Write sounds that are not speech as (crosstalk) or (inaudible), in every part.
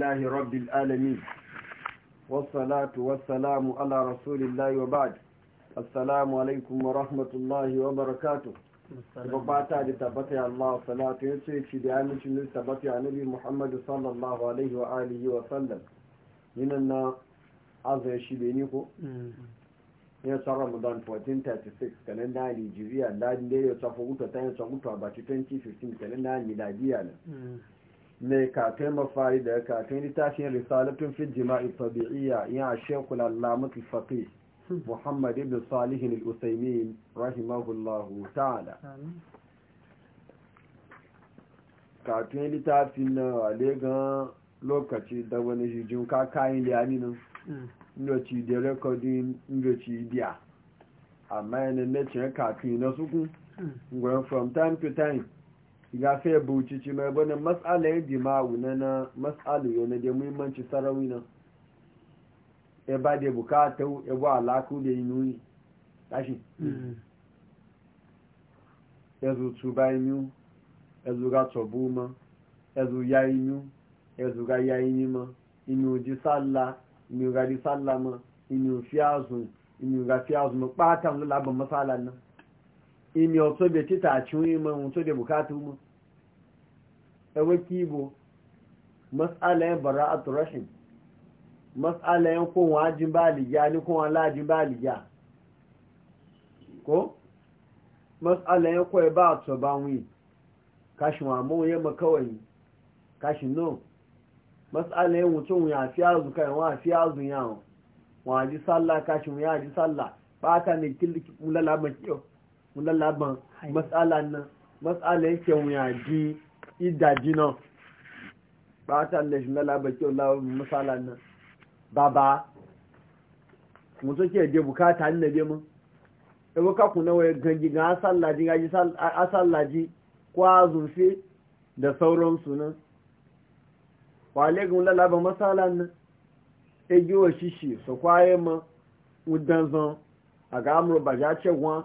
لله رب العالمين والصلاة والسلام على رسول الله وبعد السلام عليكم ورحمة الله وبركاته gabata da tabbata ya Allah salatu ya ce ci da amincin da tabbata ya nabi Muhammad sallallahu alaihi wa wa sallam yinan na azai shi da ni ko ya Ramadan 1436 kalenda Nigeria da ne ya tafi guta ta yin sa guta ba 2015 kalenda miladiya ne mai katon mafari da katon littafin risalatun fi jima'i tabi'iyya ya shekul allamatul faqih muhammad ibn salih al-usaymin rahimahullahu ta'ala kafin littafin na legan lokaci da wani jijin kakayin nan. Mm. ndoci da rekodin ndoci biya amma yanin na cin na sukun from time to time gafe bauchi ci mai bane matsalar dima'u na na matsalu yau na da muhimmanci sarauni nan ya e ba da bukata ya e bu alaku da yi nuni tashi ya mm. e zutu tuba inu ya zuga tsobu ma ya zu ya inu ya zuga ya ini ma inu ji salla inu ga di salla ma inu fi azun inu ga fi azun ma ɓatan lulaban matsalar nan imi ọ̀tọ́ bẹ̀ títà àṣíwí mọ́ ohun tó dẹ̀ bukatu mọ́ ẹwẹ́ kí ibo matsalayen bara a turashin kó wọn ajin ba aliya ni kowon alajin ba aliya ko matsalayen kowai ba a tọ ba wi kashin wa mọ́ yẹ mọ́ kawai kashin náà matsalayen mutum ya fi azu kai wa fi azu yawon wa kashi sallah kashin ya ji sallah ba ta ne kí lulala makiyo lalaban matsala nan matsala yake wuyaji idaji nan ba ta da shi lalaban kyau lalaban matsala nan baba mutu ke je bukata ni na je mun ebe ka kuna waye gangi ga asallaji gaji asallaji kwa zurfe da sauransu nan le gun lalaban matsala nan egiwa shishi su kwaye ma udan a ga amuru ba ya ce wọn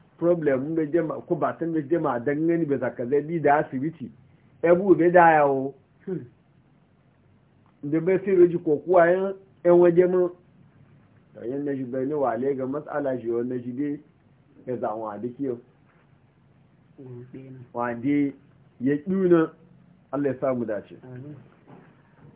problem ga jama ko ba san ga jama dan gani be zaka zai bi da asibiti e bu be da yawo de be sai roji ko kuwa yan yan waje mu da yan na jibe ne wale ga mas'ala ji shi wannan shi dai ya zanwa da kiyo wande ya duna Allah ya sa mu dace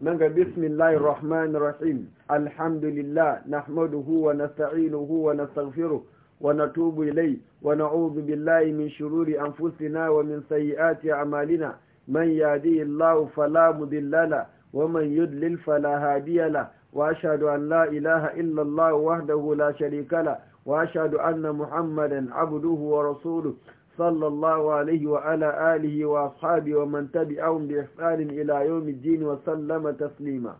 من بسم الله الرحمن الرحيم الحمد لله نحمده ونستعينه ونستغفره ونتوب إليه ونعوذ بالله من شرور أنفسنا ومن سيئات أعمالنا من يهدي الله فلا مضل له ومن يضلل فلا هادي له وأشهد أن لا إله إلا الله وحده لا شريك له وأشهد أن محمدا عبده ورسوله صلى الله عليه وعلى آله وأصحابه ومن تبعهم بإحسان إلى يوم الدين وسلم تسليما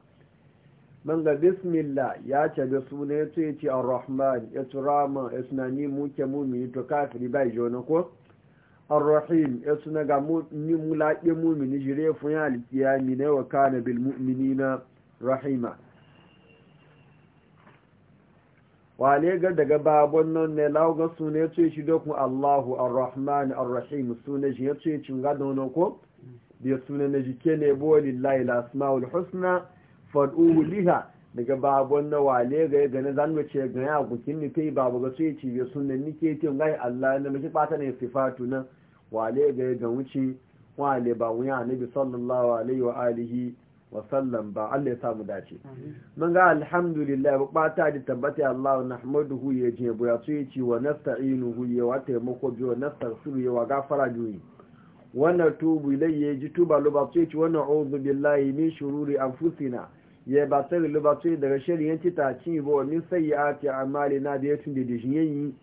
Manga ga bismillah ya ce da suna ya ce ce ar-rahman ya turama ya ni muke mumini to kafiri bai wani ko ar-rahim ya suna ga ni mulaƙe mumini jire fun ya alkiyami na wa kana bil na rahima wale ga daga babon nan ne lauga suna ya ce shi dokun allahu ar-rahman ar-rahim suna shi ya ce cin gadon ko da suna na jike ne bo lillahi lasma'ul husna fad'uhu liha daga babon na wale ga ya gane zan wace ga ya gukin ni kai babu ga sai ci biyu sunan ni ke ga gai Allah na miki fata ne sifatu na wale ga ya ga wuce wale ba wuya annabi sallallahu alaihi wa alihi wa sallam ba Allah ya samu dace mun ga alhamdulillah ba fata da tabbata Allah nahmaduhu ya je ya sai ci wa nasta'inuhu ya wa taimako biyo su ya wa gafara biyo wannan tubu ilayya ji tuba lo ba sai ci wannan a'udhu billahi min shururi anfusina ya ba ta rilu ba tuyi daga shirin yanci ta ci bo ni sai ya ake amali na da ya tun da shi yi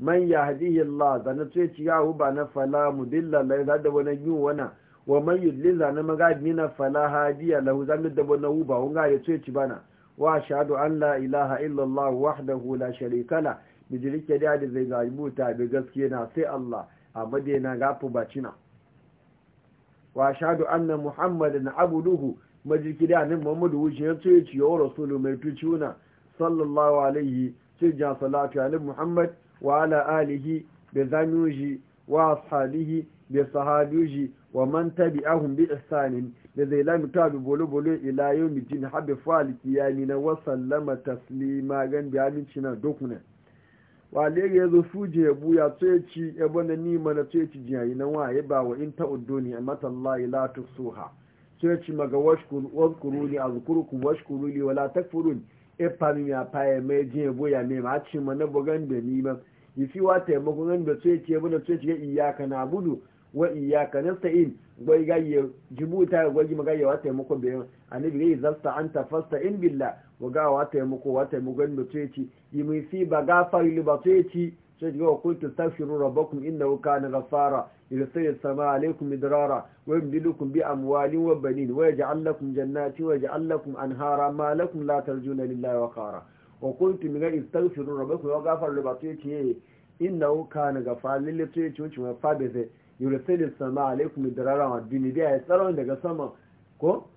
man ya hadihi Allah zana tuyi ci ya ba na fala mudilla la za da wani yi wana wa man yudlil na magadi na fala hadiya lahu zan da wani ba wani ga ya tuyi ci bana wa shahadu an la ilaha illallah wahdahu la sharika la bijirike da da zai zabuta bi gaskiya na sai Allah a madina gafu bacina wa shahadu anna muhammadan abuduhu majikida a nin muhammadu wuce ya ce ci yawon rasulu mai tuciuna sallallahu alaihi ce jan salatu alaihi muhammad wa ala alihi da zamiuji wa ashabihi da sahabiuji wa man ahun bi ihsanin da zai lami ta bi bolo-bolo ila yau mitin haɓe fa'al kiyami na wasallama taslima gan bi aminci na dokunan wale ya zo suje ya buya tsaye ci ya bana nima na tsaye ci jiyayi na waye ba wa in ta ta'uddoni a matallahi la tusuha sai ci maga washkuru ne a zukurku washkuru ne wala e ifami ya faye mai jin yabo ya mai ma ci mana bugan da ni ba yi wa taimakon nan da sai ce mana sai ce iyaka na budu wa iyaka nasta'in gwai gaye jibuta gwai maga yawa taimako bayan annabi gai zasta ta fasta in billah wa ga wa taimako wa taimako nan da sai ce yi mai fi ba gafari ba sai ce sai ga kuntu tafiru rabbakum innahu kana ghaffara yursilu samaa alaykum midrara wa yumdidukum bi amwalin wa banin wa yaj'al lakum jannatin wa yaj'al lakum anhara ma lakum la tarjuna lillahi wa qara wa kuntu min istaghfiru rabbakum wa ghafara libatiyati innahu kana ghaffara lillati tuci wa fabese yursilu samaa alaykum midrara wa banin ay ya daga sama ko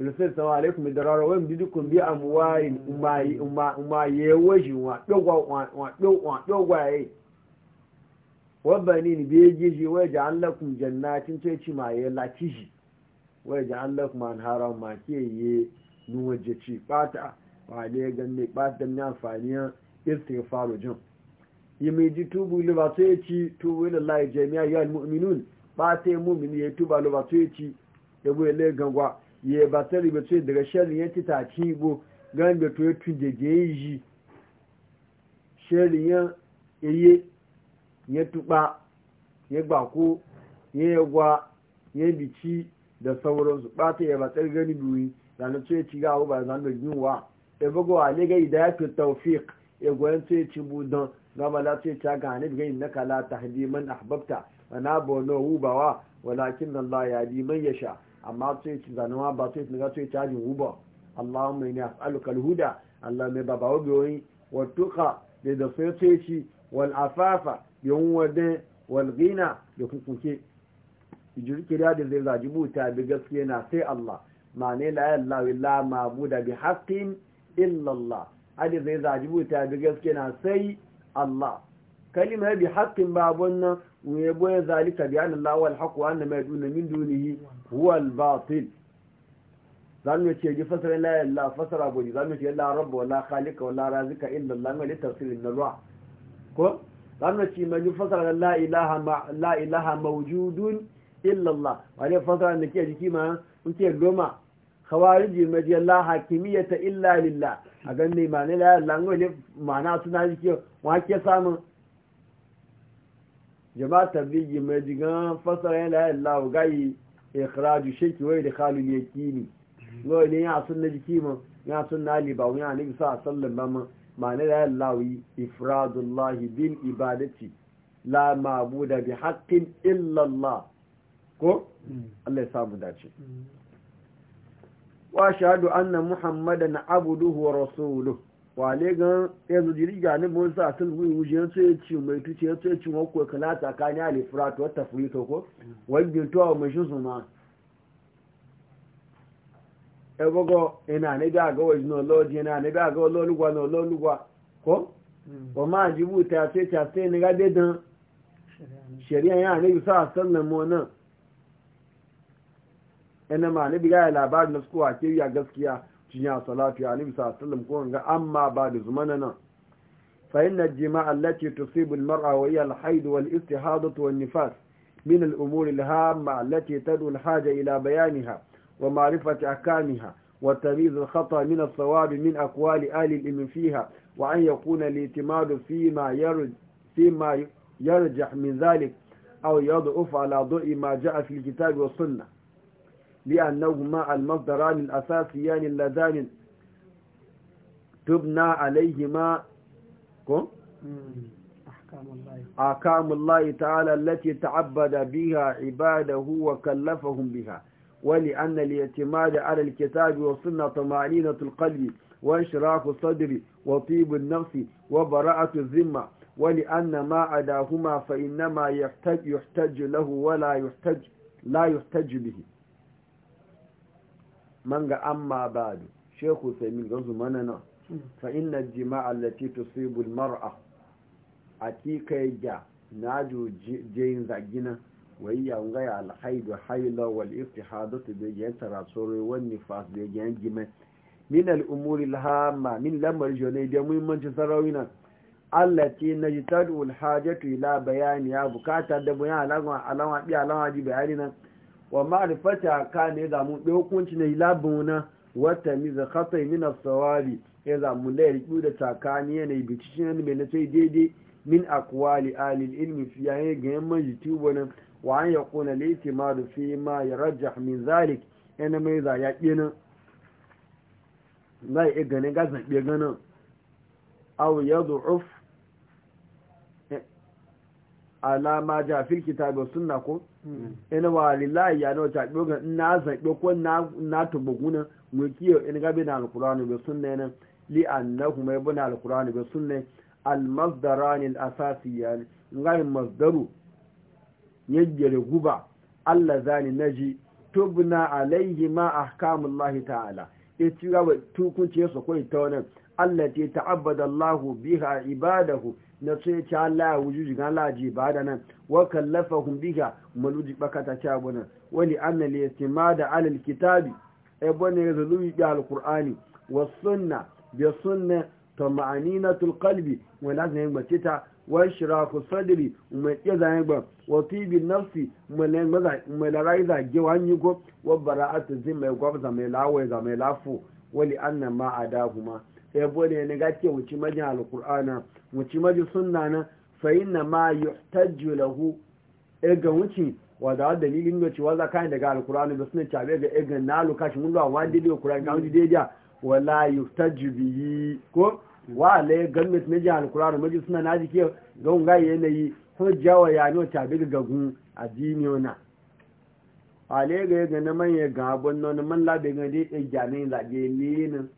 ìrìnsẹ̀ sọ àlékún mi dọ̀rọ̀ wọ́n mi dídí kùn bí àmúwá ìmọ̀ àyẹ̀wò yìí wọ́n àpéwà yìí wọ́n bẹ̀ ní níbi èjì yìí wọ́n jẹ́ alẹ́kùn jẹ̀nà tí ń tó ẹ̀kí mà yẹ láti yìí wọ́n jẹ́ alẹ́kùn mà ń hara mà kí èyí ni wọ́n gan ní pátá ní àǹfààní ìsìn fàrò jùn yìí di túbú ló bá tó ẹ̀kí tó wílẹ̀ láì jẹ́ ní ayé àlùmọ́mìnún pátá mú mi ba ètò bá ló bá tó ya ba ta ribe ce daga shari ya ci taci bo gan da to ya tunjeje yi shari ya eye ya tuba ya gbako ya yagwa ya bici da sauransu ɓata ya ba ta gani biyu zanen ce ci gawo ba zan zanen yunwa ya e bugu a ne gai da ya fi taufik ya e gwayan ce ci budan gama la ce ci aka hanif gai na kala ta hadi man ahbabta wana bono hubawa walakin Allah ya bi man ya sha amma sai ci zanawa ba sai ga sai cajin uba Allahumma ne a al-huda Allah mai baba wa biyoyi wa tuqa da da sai ci wal afafa yawon wadda wal gina da kukuke jirkira da zai zaji buta bi gaskiya na sai Allah ma ne la ilaha illa buda bi haqqin illa Allah hadi zai zaji buta bi gaskiya na sai Allah kalimar bi haqqin babun nan ويبوي ذلك بأن الله هو الحق وأن ما دون من دونه هو الباطل zamu ce ji fasara la illa fasara boji zamu ce la rabb wala khaliq wala razika illa allah mai tafsir na ruwa ko zamu ce mai ji fasara la ilaha ma la ilaha mawjudun illa allah wale fasara da ke jiki ma in ce goma khawariji mai ji la hakimiyata illa lillah a ganin ma ne la allah mai ma'ana suna jiki wa ke samun jama'a tabligi mai jigan fasara yana yin lawo gayi ikhraju shirki wai da khalu ne kini ne ya sun na jiki ma ya sun na ali wani wani annabi sa sallan ba ma ma yin lawo lahi bin ibadati la ma'buda bi haqqin illa ko Allah ya samu dace wa shahadu anna muhammadan abduhu wa rasuluhu wale gan yanzu jirga ne mun sa sun gwi wuje su ya ci mai tuce ya ce cin wakko kala tsakanin alifrat wata furito ko wajen to mai shi suma e gogo ina ne da ga wajen lord ina ne da ga lolugwa no lolugwa ko wa ma jibu ta ce ta ce ne ga dedan shari'a ya ne sa sallan mu nan ina e ma ne biga labarin na suka ke ya gaskiya cikin salatu ya nabi sallallahu ko ga amma ba da zumana nan fa inna jima'a allati tusibu al-mar'a wa hiya al-hayd wal-istihadatu wan-nifas min al-umuri al-hamma allati tad'u al-haja ila bayaniha wa ma'rifati ahkamiha وتمييز الخطأ من الصواب من أقوال آل الإمن فيها وأن يكون الاعتماد فيما يرج فيما يرجح من ذلك أو يضعف على ضوء ما جاء في الكتاب والسنة لأنهما المصدران الأساسيان اللذان تبنى عليهما أحكام الله تعالى التي تعبد بها عباده وكلفهم بها ولأن الاعتماد على الكتاب والسنة طمأنينة القلب وانشراح الصدر وطيب النفس وبراءة الذمة ولأن ما أداهما فإنما يحتج, يحتج له ولا يحتج لا يحتج به manga ga amma ba'du sai saimin ganzu mana na fa inna jima'a allati tusibu almar'a akika ya naju jayin zagina wa nga ya alhaidu haila wal istihadatu bi yantara sore wan nifas bi yan jime min al umuri min lamar jone da muhimmancin sarawina allati najtadu al hajatu ila bayani ya bukata da bayan alawa alawa bi alama ji bayani na. wa ma'rifata ka ne za mu ɗaya hukunci na ilabin na wata miza khatai min sawari ya za mu da tsakani yanayi bici ne mai sai daidai min akwali alil ilmi fi yayin ganyen majiti wa an ya kuna laifi ma da fi ma ya rajah min zalik yana mai za ya nan za iya ganin gasa ganin aw ya alama ja fil kitabi suna ko hmm. ina wa lillahi ya no ta ɗoga na zan na tuba tubuguna mu in ga bi na Alƙur'ani bai suna yana li annahu ma bi na suna bi ne al ya ne asasiyan ngai masdaru guba Allah zani ji. tubna alaihi ma lahi ta'ala yace ga tukunce su ko ta wani Allah ce abada Allahu biha ibadahu na so ya ci Allah ya wujuji ga Allah ba da nan wa kallafahum biha maluji bakata ta gudan wani anna li istimada ala kitabi ay e bone ya zalumi bi alqur'ani wa sunna bi sunna tul qalbi wa lazim yin bacita wa shiraku sadri umma kiza yin ba wa tibi nafsi umma maza umma la raiza ge wani go wa bara'atu zimma gwabza mai lawo za mai lafu wali anna ma adahuma yabo ne na gaske wuce majin alkur'ana wuce majin sunna na fa'in na ma yi tajju lahu e ga wuce wadda dalilin da cewa za ka daga alkur'ana da suna cabe ga egan na lokacin mun lawa wani daidai kur'ani ga wani daidai wala yi tajju biyi ko wa le gannet na jin alkur'ana majin suna na jike ga wunga yanayi hujja wa yano cabe ga gagun addini na ale ga e ga na manya ga abun nan man labe ga dai ga ne zage ne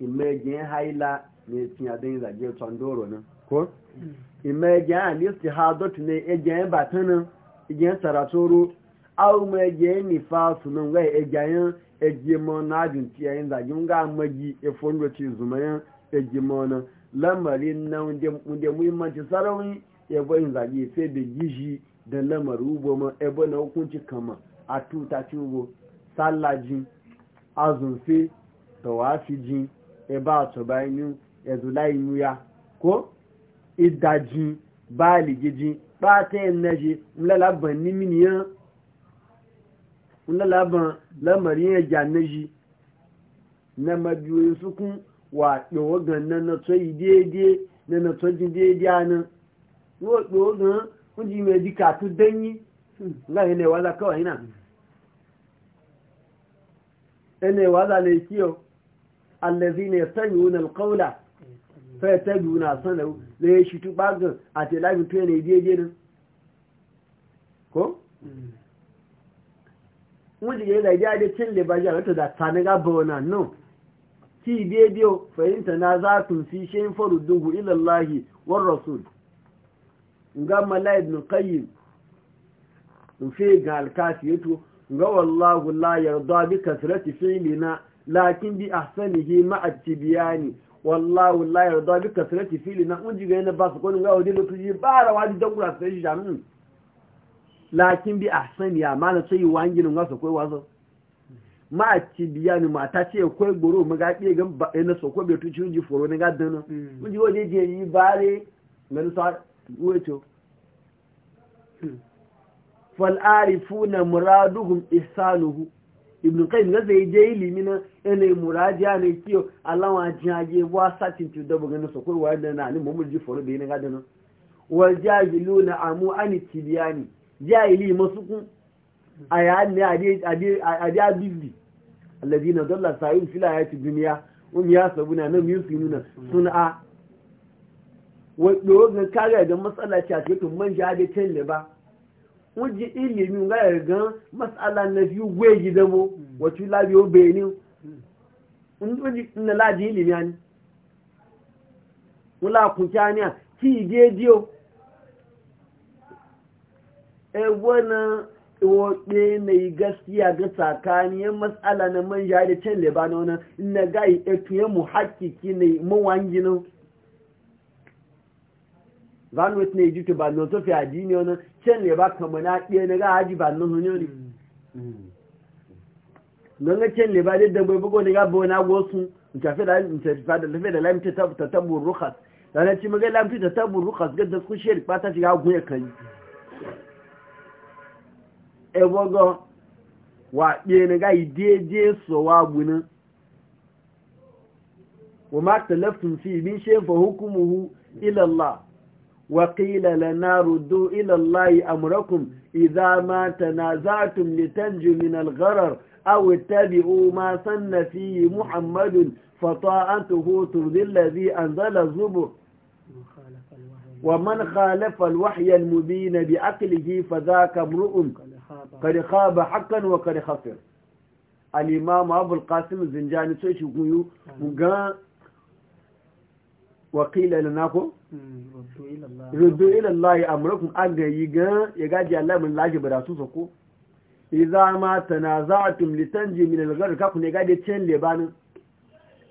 imejin haila ne cin adin zage na nan ko imejin alisti hadot ne ejen batanin ejen saratoro au meje nifasu nan ga ejen na adin tiyayin zage nga e e maji efondo ci zumayan ejimo nan lamarin na wunde muhimmanci e yin zage sai da ubo ma na hukunci kama a tuta ubo ẹbá àtọ̀bá inú ẹ̀dùlá inú ya kó ìdajì báàlì jíjí pàtẹ́ ẹ̀nẹ́jì ńlẹ́làbọ̀n ní mìíràn ńlẹ́làbọ̀n lẹ́mọ̀rí ẹ̀jà nẹ́jì nẹ́mọ̀bí oyin súnkún wà pẹ̀wọ́ gan nẹ́nàtọ́ yìí déédéé nẹ́nàtọ́ jí déédéé àná wọ́n pẹ̀wọ́ gan ń jí mẹ́ẹ̀dì kàtó dẹ́yìn láyé ẹ̀wà ẹni ẹ̀wà lálẹ́ kí ọ allazina yastami'una alqawla fa yattabi'una sanahu la yashitu bagan a te labi to ne biye nan ko mun ji da ya da cin libaji wato da tanaga bona no ki biye biyo fa inta na za tun fi shayin faruduhu ila Allah war rasul ngamma la ibn qayyim in fi ga alkafi yato ga wallahu la yarda bi kasrati fi'lina lakin bi ahsanihi ma'a tibiyani wallahu la yarda bi kasrati fili na unji ga yana ba su konin gawo dilo tuji ba da wadi da kura sai jamin lakin bi ahsani ya mana sai wanginin wasu koi wazo ma'a ma ta ce koi goro ga kiye gan ba yana so ko be tuji unji foro ne ga dano mm. unji waje je yi bare men sa weto mm. fal arifuna muraduhum ihsanuhu ibn qayyim na zai je ilimi na yana murajiya ne kiyo Allah wa jaje wa satin tu da bugan su kurwa da na ni mu ji foro bayin ga da nan wal na amu an tibiyani jahili masukun ayan ne adi adi adi abidi alladhina dalla sa'in fil hayati dunya um yasabuna nam yusinuna sun'a wa dogon kare da matsala ce a cikin manja da talle ba wọ́n jẹ́ ilimi nga yẹ gan masala nafi wé yìí dẹ́mo wọ́tú lábi ó bèè ni wọ́n jẹ́ nnẹ́lá jẹ́ ilimi ani wọ́n lá kùnkí ani à kí ìdí èdí o ẹ̀wọ́ na ìwọ̀ pé na yi gaskiya ga tsakaniyar masala na manja da can lebanon na ga yi ẹ̀tù yẹn mu hakiki na yi mawangi na zanu wata ne jitu ba no to fi aji addini ona can ne ba kama na ɗaya ne ga aji ba no hunyo ne don ga can ne ba de dabbai bugo ne ga bo na go gosu in fe da in tafi da fe da lamfi ta ta tabbur rukhas da na ci maga lamfi ta tabbur rukhas ga da ku kushe rikpa ta shiga ya kai e bogo wa ɗaya ne ga ide sowa so wa wa ma talafin fi min shefa ila allah وقيل لنا ردوا إلى الله أمركم إذا ما تنازعتم لتنجوا من الغرر أو اتبعوا ما سن فيه محمد فطاعته ترضي الذي أنزل الزبر ومن خالف الوحي المبين بعقله فذاك امرؤ قد خاب حقا وقد خسر الإمام أبو القاسم الزنجاني سيشي قيو وقال wakila ila nako rudu ila Allah amrakum agayi ga ya gaji Allah mun laji bada su soko Iza ma tanaza'tum litanji min al-ghar ka kun ya gaji cin lebanin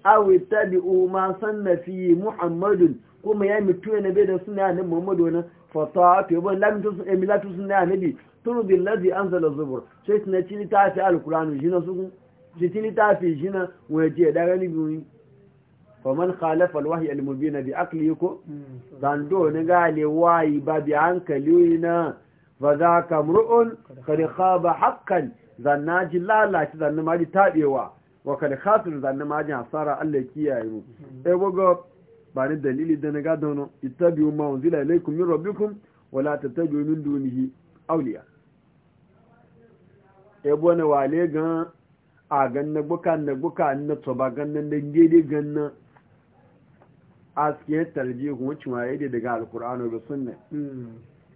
aw ittabi'u ma sanna fi muhammadun kuma ya mitu ya bai da suna ne muhammadu ne fa ta'atu ban lam tu emilatu eh, sunna nabi lardi an zala zubur sai cini ta fi al jina su jitini ta fi jina waje da gani biyu faman khalafa alwahyi almubina bi aqli ko zando ne gale wayi ba bi hankali na fa zaka mur'un kad khaba haqqan zannaji lalaci zanna maji tabewa wa kad khasir zanna maji asara Allah kiyaye mu e gogo ba ni dalili da ga dono ittabi'u ma unzila ilaykum min rabbikum wa la tattabi'u min dunihi awliya ebo ne wale gan a gan na buka na buka na to ba gan nan dan gan na aske tarjihun wuce ma yadda daga alkur'anu da sunna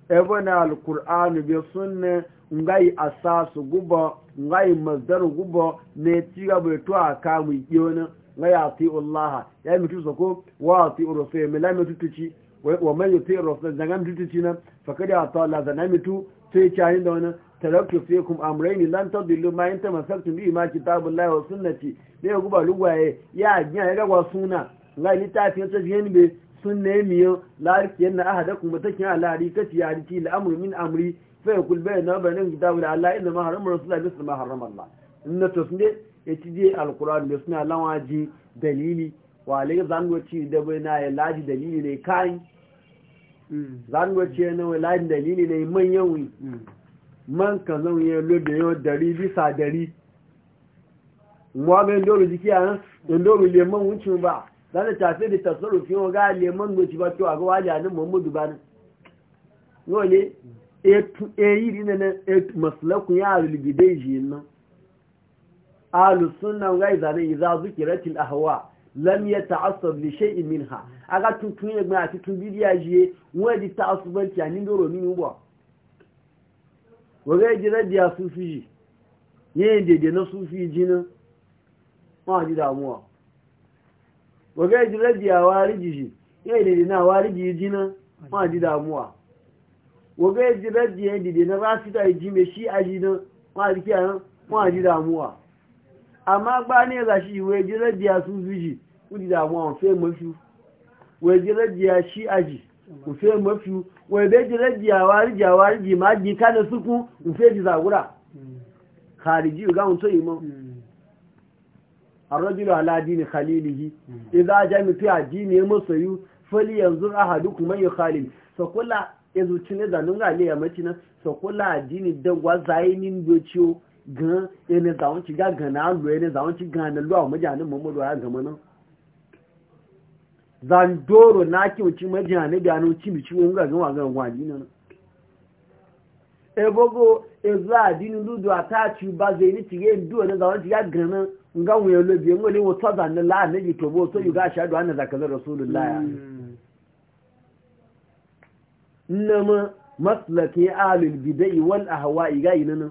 ebana alkur'anu bi sunne ngai asasu gubo ngai mazdar gubo ne tiga bai to aka mu yona ngai ati allah ya mutu tuso wa ati rasul mai la mutu tici wa mai yuti rasul da mutu tici na fakadi ata allah da mi tu sai chahin da wannan taraktu fiikum amrayn lan tadillu ma anta masaktum bi ma kitabullahi wa sunnati ne gubo lugwaye ya ganya ya ga wa sunna la littafin ta jiyan be sun ne miyo la yanna ahadakum mutakin ala harikati ya riki la amru min amri fa yakul bayna bayanan kitabu da Allah inna ma harama rasulullahi bisu ma harama Allah inna to sun de ti je alquran da suna waji dalili wa le zango ci da bayna ya laji dalili ne kai zango ci ne wa laji dalili ne man yawi man ka zan yi lobe yau dari bisa dari mu wa ga ndoro jiki a le leman wucin ba zana tafi da tasarrufi wa ga leman goci ba to a ga wajen nan muhammadu ba nan ne e, e yi rina na e maslakun ya alulgidai ji nan alusun nan ga izane iza zukiratin ahwa lam ya ta'assab li shay'in minha aga tun tun ya gba tun bidiya ji wa di ta'assubanci ani doro ni ubo wa ga da radiya sufi ji ne dede na sufi ji nan ma ji damuwa waga ji rabi a wariji shi ya dide na wariji ji na ma ji damuwa waga ji rabi ya dide na rasita ji me shi a ji na ma ji kiyan ma ji damuwa amma gba ne ga shi wai ji rabi a su zuji ku ji damuwa mu fe mafi wai ji rabi a shi a ji mu fe mafi wai bai ji rabi a wariji a wariji ma ji kada suku mu fe ji zagura hmm. khariji ga mun yi ma. Hmm. الرجل على دين خليله إذا جاء في الدين يمسيو فلينظر أحدكم من يخالل فقل إذا تنزل نغا ليه أمتنا فقل دين دوا زاينين بوچو gan ene zawon ci ga gana lo ene zawon ci gana lo awon majanin mamadu ya gama nan zandoro na kyauci majanin da ci bici wani gagan wa gagan wani nan ebogo ezu adini dudu atachi baze ni tige ndu ne zawon tiga gana nga wuye lobi ngo le wotsa dan la ne ji tobo to hmm. yuga shadu anna zakal rasulullah hmm. nama maslaki alul bidai wal ahwa'i ga inana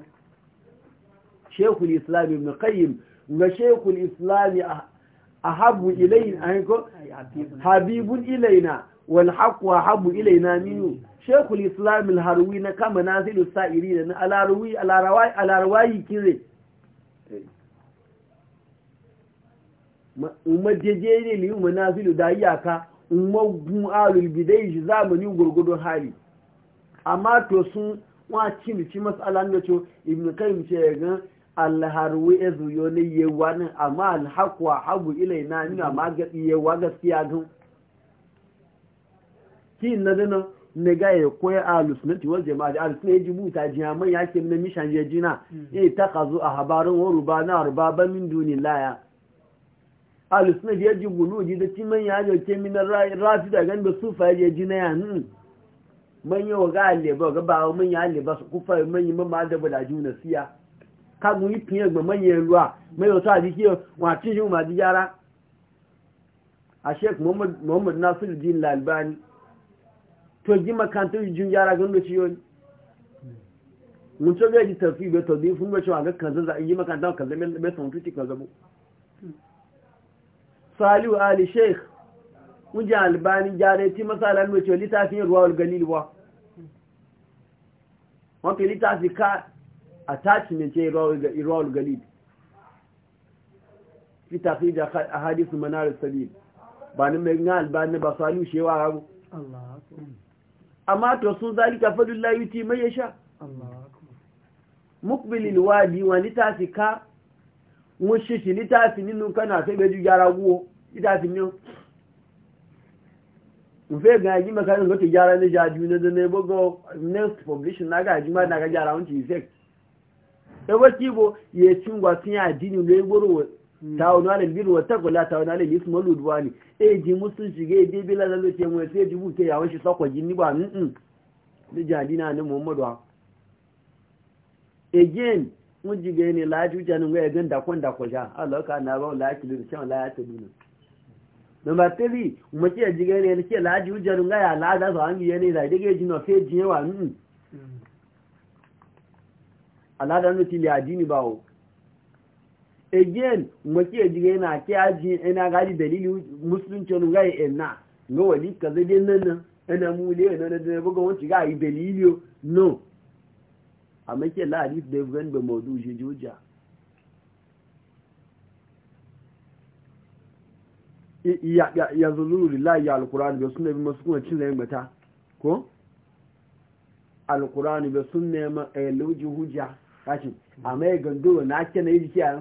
shaykhul islam ibn qayyim nga shaykhul islam ah, ahabu ilayna habibun ilayna wal haqqu habu ilaina minhu shaykhul islam al harwi na kama nazilu sa'iri na al harwi al rawai al rawai kire umajeje ne li manazilu da iyaka umogun alul bidai shi zamani gurgudun hali amma to sun waci mici matsala da ce ibn kayyim ce ga alharwi ezuyo ne yewa nan amma alhaqwa habu ilaina mina ma ga yewa gaskiya gan ki na dana ne ga ya koya a sunnati wal jamaa da ahlus sunnati buta jiya man ya ke nan mishan ya jina e hmm. ta kazu a habarin wa rubana rubaba min dunillah a sunnati ya jibu no ji da ti man ya je ke min rafi da gan da fa ya jina ya nan man yo ga alle ba ga ba man ya alle ba ku fa man yi man ma da bala juna siya ka gun yi pin egbe man ye ruwa man yo ta di ki wa ti ju ma di yara a shek muhammad muhammad nasir din lalbani to ji makantar jin yara gan da ciyo mun to ga ji tafi be to bi fun ba cewa ga kan za yi makantar kan zame be son tuti kan zabo salihu ali sheikh mun albani jare ti masala ne cewa litafin ruwa wal galil wa wato litafi ka attachment ce ruwa wal galil litafi da ahadith manar sabil ba ni mai ngal ba ni ba salihu shewa Allah amma to sun zalika fadullah yuti mai yasha mukbilil wadi wa litasi ka mushishi litafi nínú kana sai beju yara guwo litasi ni nfe ga yi maka yin gote yara ne jaju ne da ne bogo next publication na ga ji ma na ga yara wunci effect ewe kibo ye cingwa tin adini le gboro ta'awunu alal birri wa taqwa la ta'awunu alal ismi wal udwani e ji musun shige bi bi la lo te mu se jibu te yawon shi sokwa jinni ba mm ni jadina ne muhammadu again mun jige ne la juja ne ga ganda kon da kwaja Allah ka na ba la kilu shan la ya tuduna number 3 mu ce jige ne ne ce la juja ne ga la da so an yi ne da dige jino fe jiwa mm Allah da nuti li adini bawo again mwake jiga yana ke aji ina gaji dalili musulunci wani ga ina ga wali ka zage nan nan ina mule ne na da da buga wanci ga yi dalili no a ke la hadis da ban da mawadu je juja ya ya ya zulu lillahi ya alquran bi sunna bi masukun cin da mata ko alquran bi su ma eluji eh, hujja kashi amma gando na ke na yi kiyaye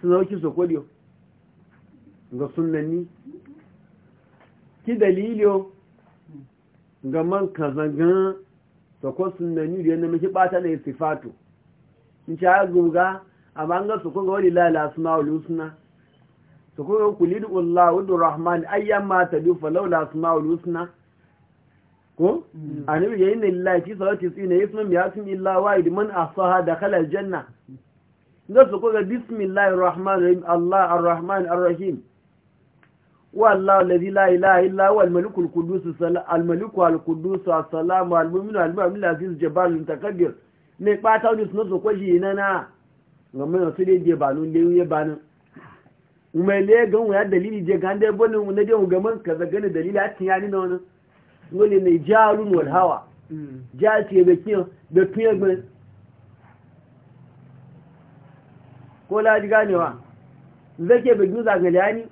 sun hauki kodiyo ga sunanni ki daliliyo ga man kazangan soko sunanni da yana mashi bata na sifatu in ci ya guga amma an ga soko ga wani lala suna wali usuna soko ga kuli Allah wadda rahman ayyan mata dufa laula suna wali usuna ko mm. a nufi yayin da lillahi fi salati tsina suna biya sun lawa, wa'id man da kala janna. ga su kuka bismillahir rahmanir rahim Allah ar-rahman ar-rahim wallahu alladhi la ilaha illa huwa al qudus al-maliku al-qudus as-salamu al-mu'minu al-mu'minu al-aziz jabal mutakabbir ne pata ni suno so ko yina na ngam su de de banu de ye banu umele gan wa dalili je gande bonu ne de ngaman kaza gane dalili atin yani na wannan ngole ne jalun wal hawa mm. jati be kiyo be tuye ko laji ganewa zake bai yuza ga liyani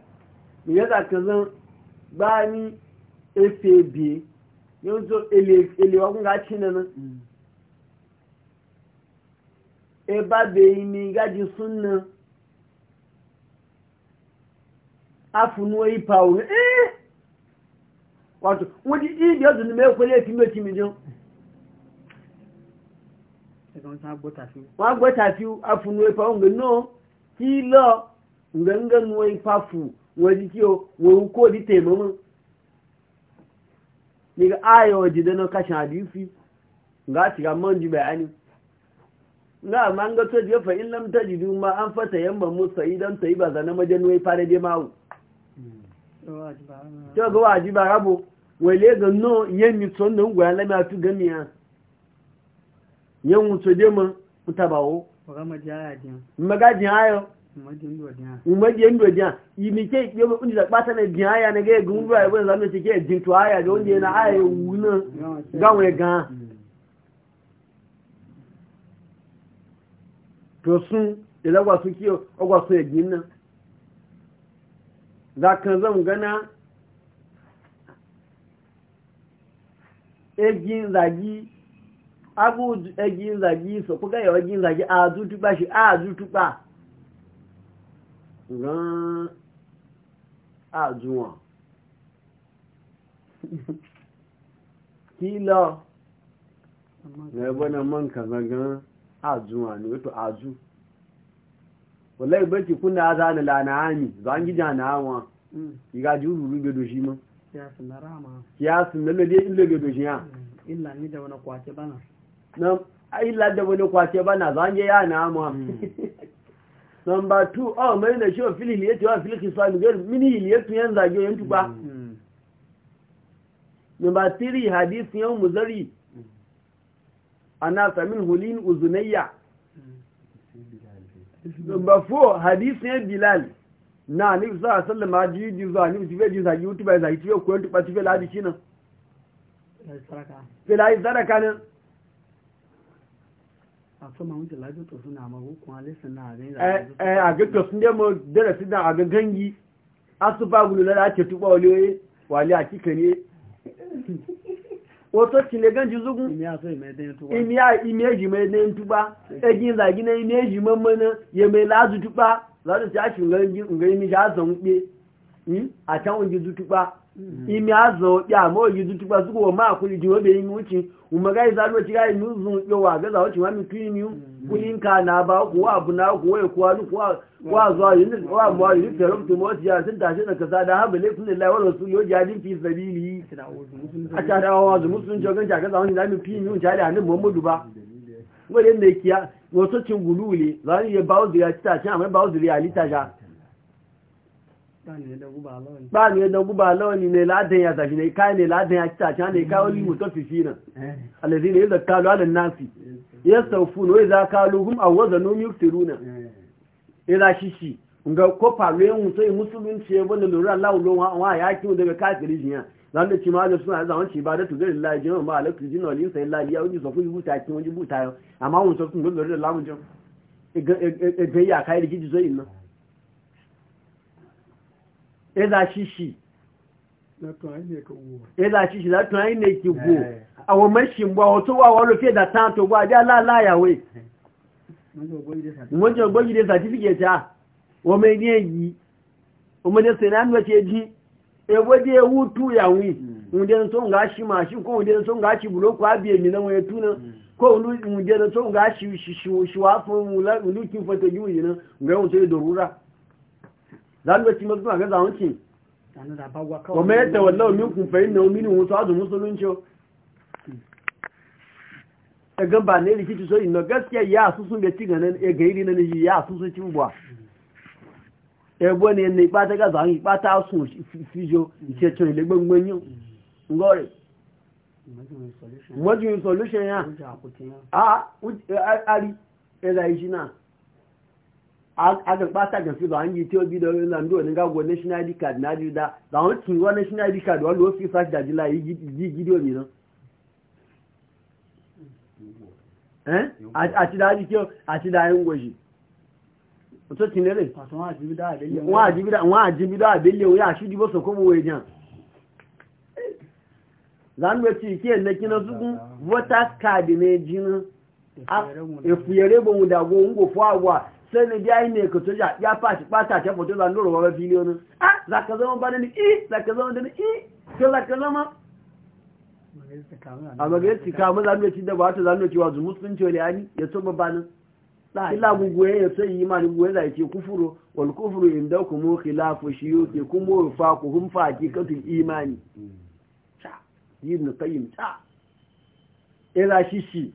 mai ya zaka zan gbani efe biye yau zo elewa kun ga ci e ba bai ni gaji sunna afunuwa yi pawo eh wato wọ́n ti ìdí ọdún ní mẹ́kọ́lẹ́ ìpínlẹ̀ tí wọ́n gbọ́ta fi afunu ipa òǹgbẹ́ náà kí lọ ǹgbẹ́ǹgbẹ́ nu ipa fù wọ́n di kí o wọ́n kó di tèmọ́ mọ́ nígbà ayọ̀ òjìdẹ́ náà kàṣà àdìsí nga tìga mọ́n ju bẹ̀ẹ́ ni nga ma ń gọ́tọ́ di ọ̀fẹ́ ilẹ̀ mta jìdú ma an fata yamma musa idan ta yi ba zane majen wai fara dai mawu tí ó ga wa ji ba rabo wai le ga no yẹn mi tsohon da ngwaya lamya tu gamiya yan wuce dema kuta bawo magajin ayo umarjiyar dodiya imi ke yi mai kundi da ɓata na jin aya na gaya gungu a yabon zanen cike jin to aya da wanda yana aya wunan gawon hmm. ya gan to sun ilagwa e su kiyo agwa su ya gin nan za kan zan gana egin zagi abu egin zagi so kuga yawa egin zagi a zutuba shi a zutuba ran a zuwa kila na yabo na man kaza gan a ne wato azu. zu wallahi barki kuna za na lana'ami za an gija na hawa mm. iga juru rube doshi ma kiyasin na rama kiyasin na lade in lade doshi ya mm. illa ni da wani kwace bana nan illa da wani kwace ba na zange ya na mu hmm. (laughs) number 2 oh mai da shi fili ne ta fili sai mu mini ne to yan zage yan tuba hmm. hmm. number 3 hadith yan muzari ana samin hulin uzunayya number 4 hadith ne bilal na ni a sallama ji ji za ni ji ji za ji tuba za ji ko tuba tuba shi nan Fela yi zaraka nan, a gaggwa sun dama darasi da a gangangi asu ba gudu na ake tuba waliyoyi wali a kika ne wato cile ganji zugun imiyaji mai dayin tuba egin zagi na imi imiyaji mammana ya mai lazu tuba za ta a shi ngayi mi a zan wuɓe a can wunji zu tuba Mm. imi azo ya mo yizu tukwa suko wa maa kuli jiwe be imi uchi umagai za ruwa chigai nuzu yo wa gaza uchi wa mikini yu mm. kulinka na ba ku wa abu na we wa kuwa ku kuwa kuwa mm. zwa yu mu wa mwa yu ku mo mwa siya ta shena kasa da hama le kullu lahi wa rasul yo jadin fi sabili a ta da wa zu musu nchwa gancha gaza wani nami kini yu ja da ni muhammadu ba ngole ne kiya wato cin gululi zani ye bawo zuriya ta ta amma bawo zuriya lita ja ba ne da guba launi ne ladan ya tashi ne kai ne ladan ya ci tashi ne kai wani mutu fifi nan alazi ne yadda kalu alin nasi ya saufu ne za kalu a waza nomi firuna ya shi wani daga kafiri jiya da ma da suna zaman ci ba da tuzar lillahi jiya ma alaƙi jina wani yin yi eza shishi eza shishi látún ayé ní kí gbò àwọn mẹ́ṣìnbọ̀ àwọn tó wà wọ́n ló fẹ́ dàtà tó gbà bí aláàláyàwó wọ́n jẹ́ ògbójìdé certificate à wọ́n mẹ́ ní èyí ọmọdé sẹ̀rẹ̀ àti ẹjí ewé dé ewu zanwaci mazuma ga zaunci wa mai yadda wallawa minkun fahim na omini wuto azu musulunci ya gaba ne rikici so ino gaskiya ya su sun beti ganin ya gairi na niji ya su sun cibuwa ya buwa agbata gafi ba an yi tí ó bí lọ lọ́nà ni gágbọ́ national id card náà rí dá láwọn tí wọ́n national id card wọ́n ló fi fáṣí dájílá yìí gídí òmìnà àti dájú kí ó àti dájú ń wòṣì tó ti lẹ́rẹ̀ wọ́n àjíbídá àbẹ́lẹ̀ orí àṣídìbò sọkọ́mọ̀ èèyàn lánàá tí kí ẹ̀nà kí náà túnkún voters card ní jiná efuyere bohun dàgbò ń gò fún àwọ̀ sai ne biya ne ka soja ya fashi bata ta foto da nuru ba fili wani ah za ka zama ba da ni i za ka zama da ni i to za ka zama a magayarci kamun zanuci da ba ta zanuci wa musulunci wani ani ya so babanin ila guguwe ya so yi mani guguwe za ce kufuru wani kufuru inda ku kuma khilafu shi yau, ku mu rufa ku hun faki katul imani ta yi ibn qayyim ta ila shi shi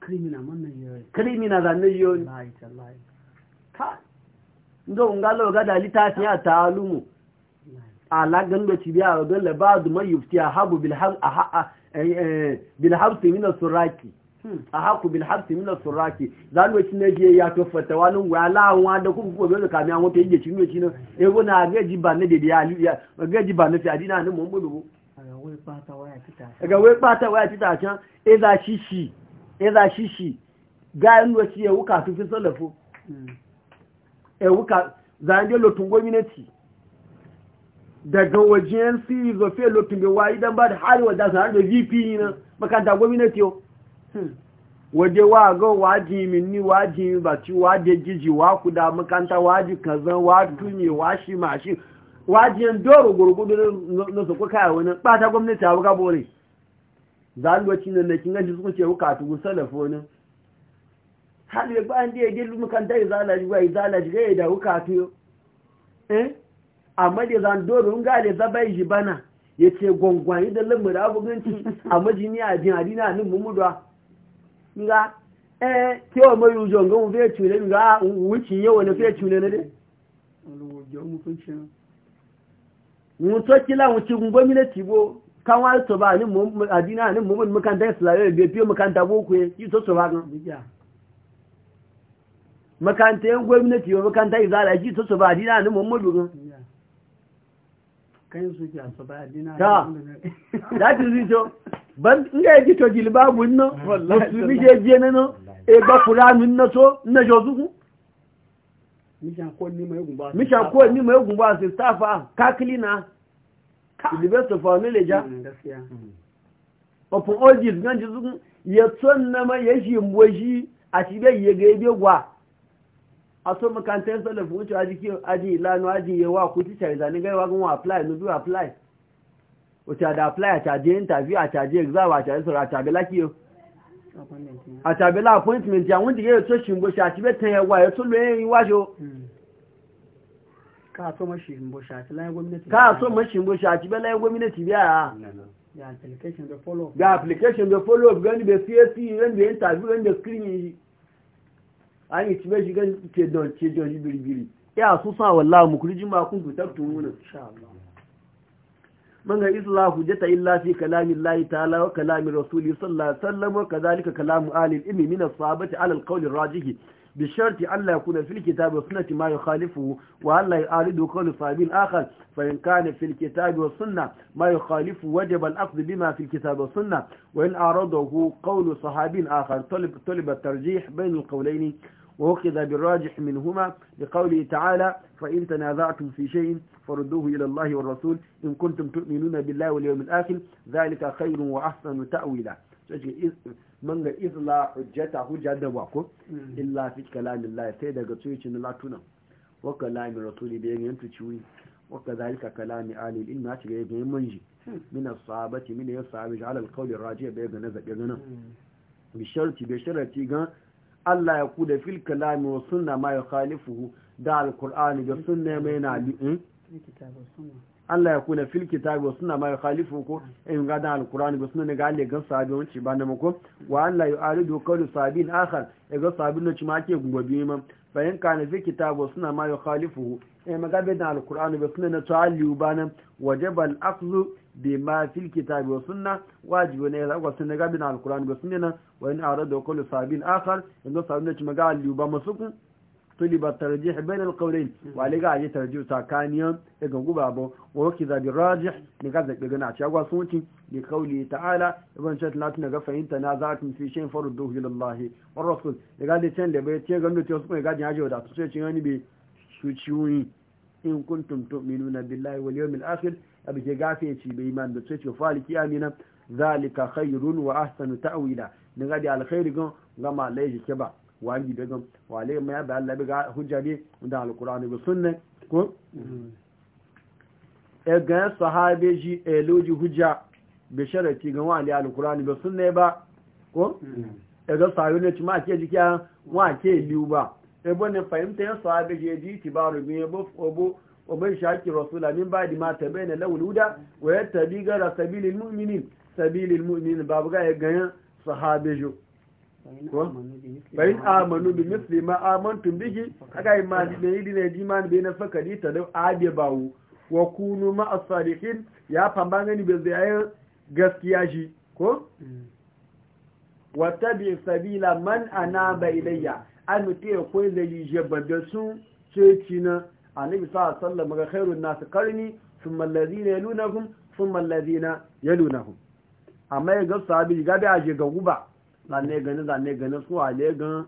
krimina man najiyon krimina za najiyon ta ndo ngalo ga da litafi ya ta'alumu ala ganda ci biya ga la ba'du man yufti ahabu bil ha, eh, eh, bil habs min as-suraki hmm. ahaku bil habs min suraki zan wuce ne je ya to fatawa nun wa la wa da ku ko da kamiya wato yake cin yoci nan e go na ga ji ba ne da ya aliya ga ji ba ne fi adina nan mun bubu ga wai pata waya kita ga wai pata waya kita can e za shi shi eza shishi gayan wace ya wuka tufin salafo ya wuka zange lotun gwamnati daga wajen siri zofe lotun bewa idan ba da hari wadda sanar da vp na makanta gwamnati yau waje wa ga waji minni waji mi ba ci waje jiji wa kuda makanta waji kazan wa tumi wa shi mashi waji yan doro gurgudu na su kuka wani bata gwamnati abu gabore zalwaci nan na kin gaji suka ce wuka tugu gusa hali ya bayan e e da ya gilu makanta ya zalaji wa ya zalaji ga ya da wuka tuyo eh amma da zan doro nga da zabai ji bana ya ce gwangwani da lamar abuganci a majini a jin adina nan mumudwa nga eh ke wa mai ujo ga mu fe tule nga wuci yau wani fe tule ne de mu to kila mu ci gwamnati bo kan wa to ba ni mu adina ni mu mun makanta islayo eh, be fiye makanta boko yi to so ba gan biya makanta yan gwamnati yo makanta izala ji to so ba adina ni mu mudu gan kan su ki so (laughs) ba adina da ti ji to ban inda ji to jilbabu no su bi je je no e ba qur'anu no so na jozuku mi shan ko ni mai gun mi shan ko ni mai gun ba sai stafa the best of our knowledge upon all this nan ji sun ya tson na ma ya shi mboshi a shi bai ya gaibe gwa a so makantar salafu wuce aji ki aji ilanu aji yawa ku ti cari zane gaiwa gan wa apply no biyu apply Wuce da apply a caje interview a caje exam a caje sọ̀rọ̀ a caje yau? a caje la appointment ya wọ́n ti yẹ́ yóò tó ṣe mboshi a ti bẹ́ tẹ́yẹ̀ wa yóò tó lóyẹ́ yíwájọ́ ka so mashin bo shati lai gwamnati ka so mashin bo shati be lai gwamnati biya ya application be follow up application follow up gani ya sa wallahi mu kun ku tabtu man ga isla illa fi kalami Allah ta'ala wa kalami rasuli sallallahu alaihi wasallam wa kadhalika kalamu ahli al-ilmi min as-sahabati بشرط ألا يكون في الكتاب والسنة ما يخالفه وألا يعارض قول صاحب آخر فإن كان في الكتاب والسنة ما يخالفه وجب الأخذ بما في الكتاب والسنة وإن أعرضه قول صحابي آخر طلب, طلب الترجيح بين القولين وأخذ بالراجح منهما لقوله تعالى فإن تنازعتم في شيء فردوه إلى الله والرسول إن كنتم تؤمنون بالله واليوم الآخر ذلك خير وأحسن تأويلا man ga izla hujjata hujja da ba ko illa fi kalamillah sai daga tsoyicin latuna wa kalami rasuli da yin yantu ciwi wa kadhalika kalami ali ilmi a cikin yin manji min as-sahabati min as ala al-qawl ar-raji' bai ga nazabi gana bi sharti bi sharti ga Allah ya kuda fil kalami wa sunna ma yukhalifuhu da al-qur'ani da sunna mai na bi eh? Allah ya kuna fil kitabi wa sunna ma yukhalifu ko in ga dan alqur'ani ba sunna ga alle gan sahabi wanci ba na mako wa Allah ya aridu qawlu sahabin akhar ya ga sahabin no cima ke gobe ma bayan kana fil kitabi wa sunna ma yukhalifu eh magabe dan alqur'ani ba sunna na ta'alli ba nan wajaba al-aqlu bima fil kitabi wa sunna wajibu ne da ga sunna ga dan alqur'ani ba sunna wa in aradu qawlu sahabin akhar in ga sahabin no cima ga alle ba masukun طلب الترجيح بين القولين وعليك عجي ترجيح ساكانيا يقول قبابه وكذا بالراجح نقذك بقناع شاقوى صوتي لقوله تعالى ابن شاة لا تنقف إن تنازعتم في شيء فردوه إلى الله والرسول يقول لي تنلي بيتيه قمنا تيوسكم يقول عجي ودا تسويتي يعني بي شوشيوني in kuntum tu'minuna billahi wal yawmil akhir abike gafe ci bai iman da tsaye faliki amina zalika khairun wa ahsanu ta'wila ni gadi alkhairi wani begon wale ma ya bayan labi ga hujja ne da alkurani ga sunne ko e ga sahabe ji eloji hujja bai sharati ga wani alkurani ga sunne ba ko e ga sahabe ne ci ma ke ji kya wa ke liu ba e bo ne fahimta ya sahabe ji e ji tibaru bi bo obo obo shaki rasu rasula min ba di ma ta bayna lawul huda wa yatabi ga sabilil mu'minin sabilil mu'minin babu ga e ga sahabe ji bayin amanu bi misli ma amantum bihi aka yi imani da yi ne jimani bai na fakari ta da abe bawu wa kunu ma as-salihin ya famba gani bai zai gaskiya shi ko wa bi sabila man anaba ilayya an mutu ko zai je da sun ce cina annabi sallallahu alaihi wasallam ga khairun nas qarni thumma alladhina yalunahum thumma alladhina yalunahum amma ga sahabi ga da je ga guba zane ganin zane ganin su ale gan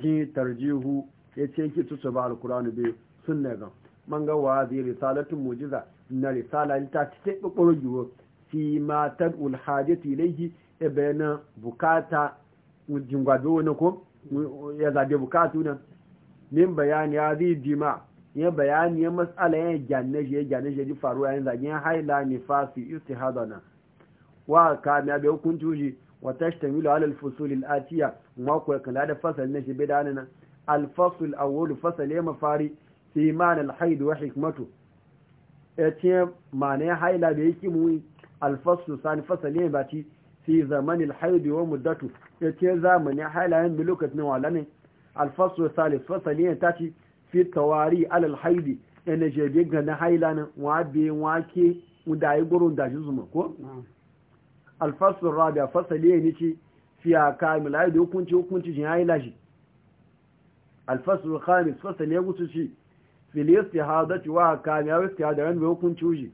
ji tarjihu ya ce yake tutu ba alkurani bai sun ne gan man ga wa zai risalatun mujiza na risala ta cike kokoro giwo fi ma tad'ul hajati ilayhi e bayana bukata jingwado wani ko ya zabe bukatu nan min bayani ya zai jima ya bayani ya matsala ya gyanne shi ya gyanne shi ya ji faruwa yanzu ya haila nifasi istihadana wa ka na bai hukuncin shi وتشتمل على الفصول الآتية ماكو يكن هذا فصل نشي بداننا الفصل الأول فصل يما فاري في معنى الحيد وحكمته اتيم معنى حيلا بيكموي الفصل ثاني فصل يما باتي في زمن الحيد ومدته اتيم زمن حيلا هم ملوكة نوالاني الفصل الثالث فصل يما تاتي في التواري على الحيد ene je bi gana hailana wa bi wa alfasun rabia fasali ne ci fiya kamil ayi da hukunci hukunci jin yayi lashi alfasun khamis fasali ya gutu ci fil istihadati wa kamil ayi istihada ran hukunci uji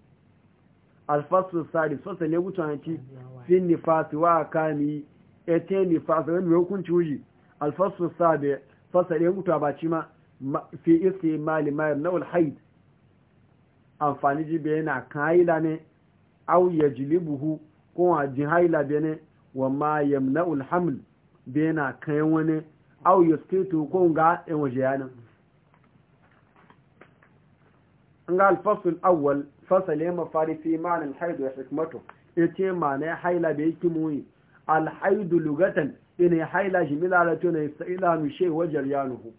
alfasun sadis fasali ya gusu an ci fi nifasi wa kamil ete nifas ran hukunci uji alfasun sabi fasali ya gusu ba ci ma fi istimali ma yamna al haid amfani ji jibe yana kaila ne au yajlibuhu ko a jin haila bene wa ma hamil haml bena kai wani aw yasqitu ko nga en waje yana nga al-fasl awwal fasal ya mafari fi ma'anin haidu ya hikmatu ya ce ma'ana ya haila bai yake muyi alhaidu lugatan ina ya haila shi milalatu na isa'ila mu she wajar yanuhu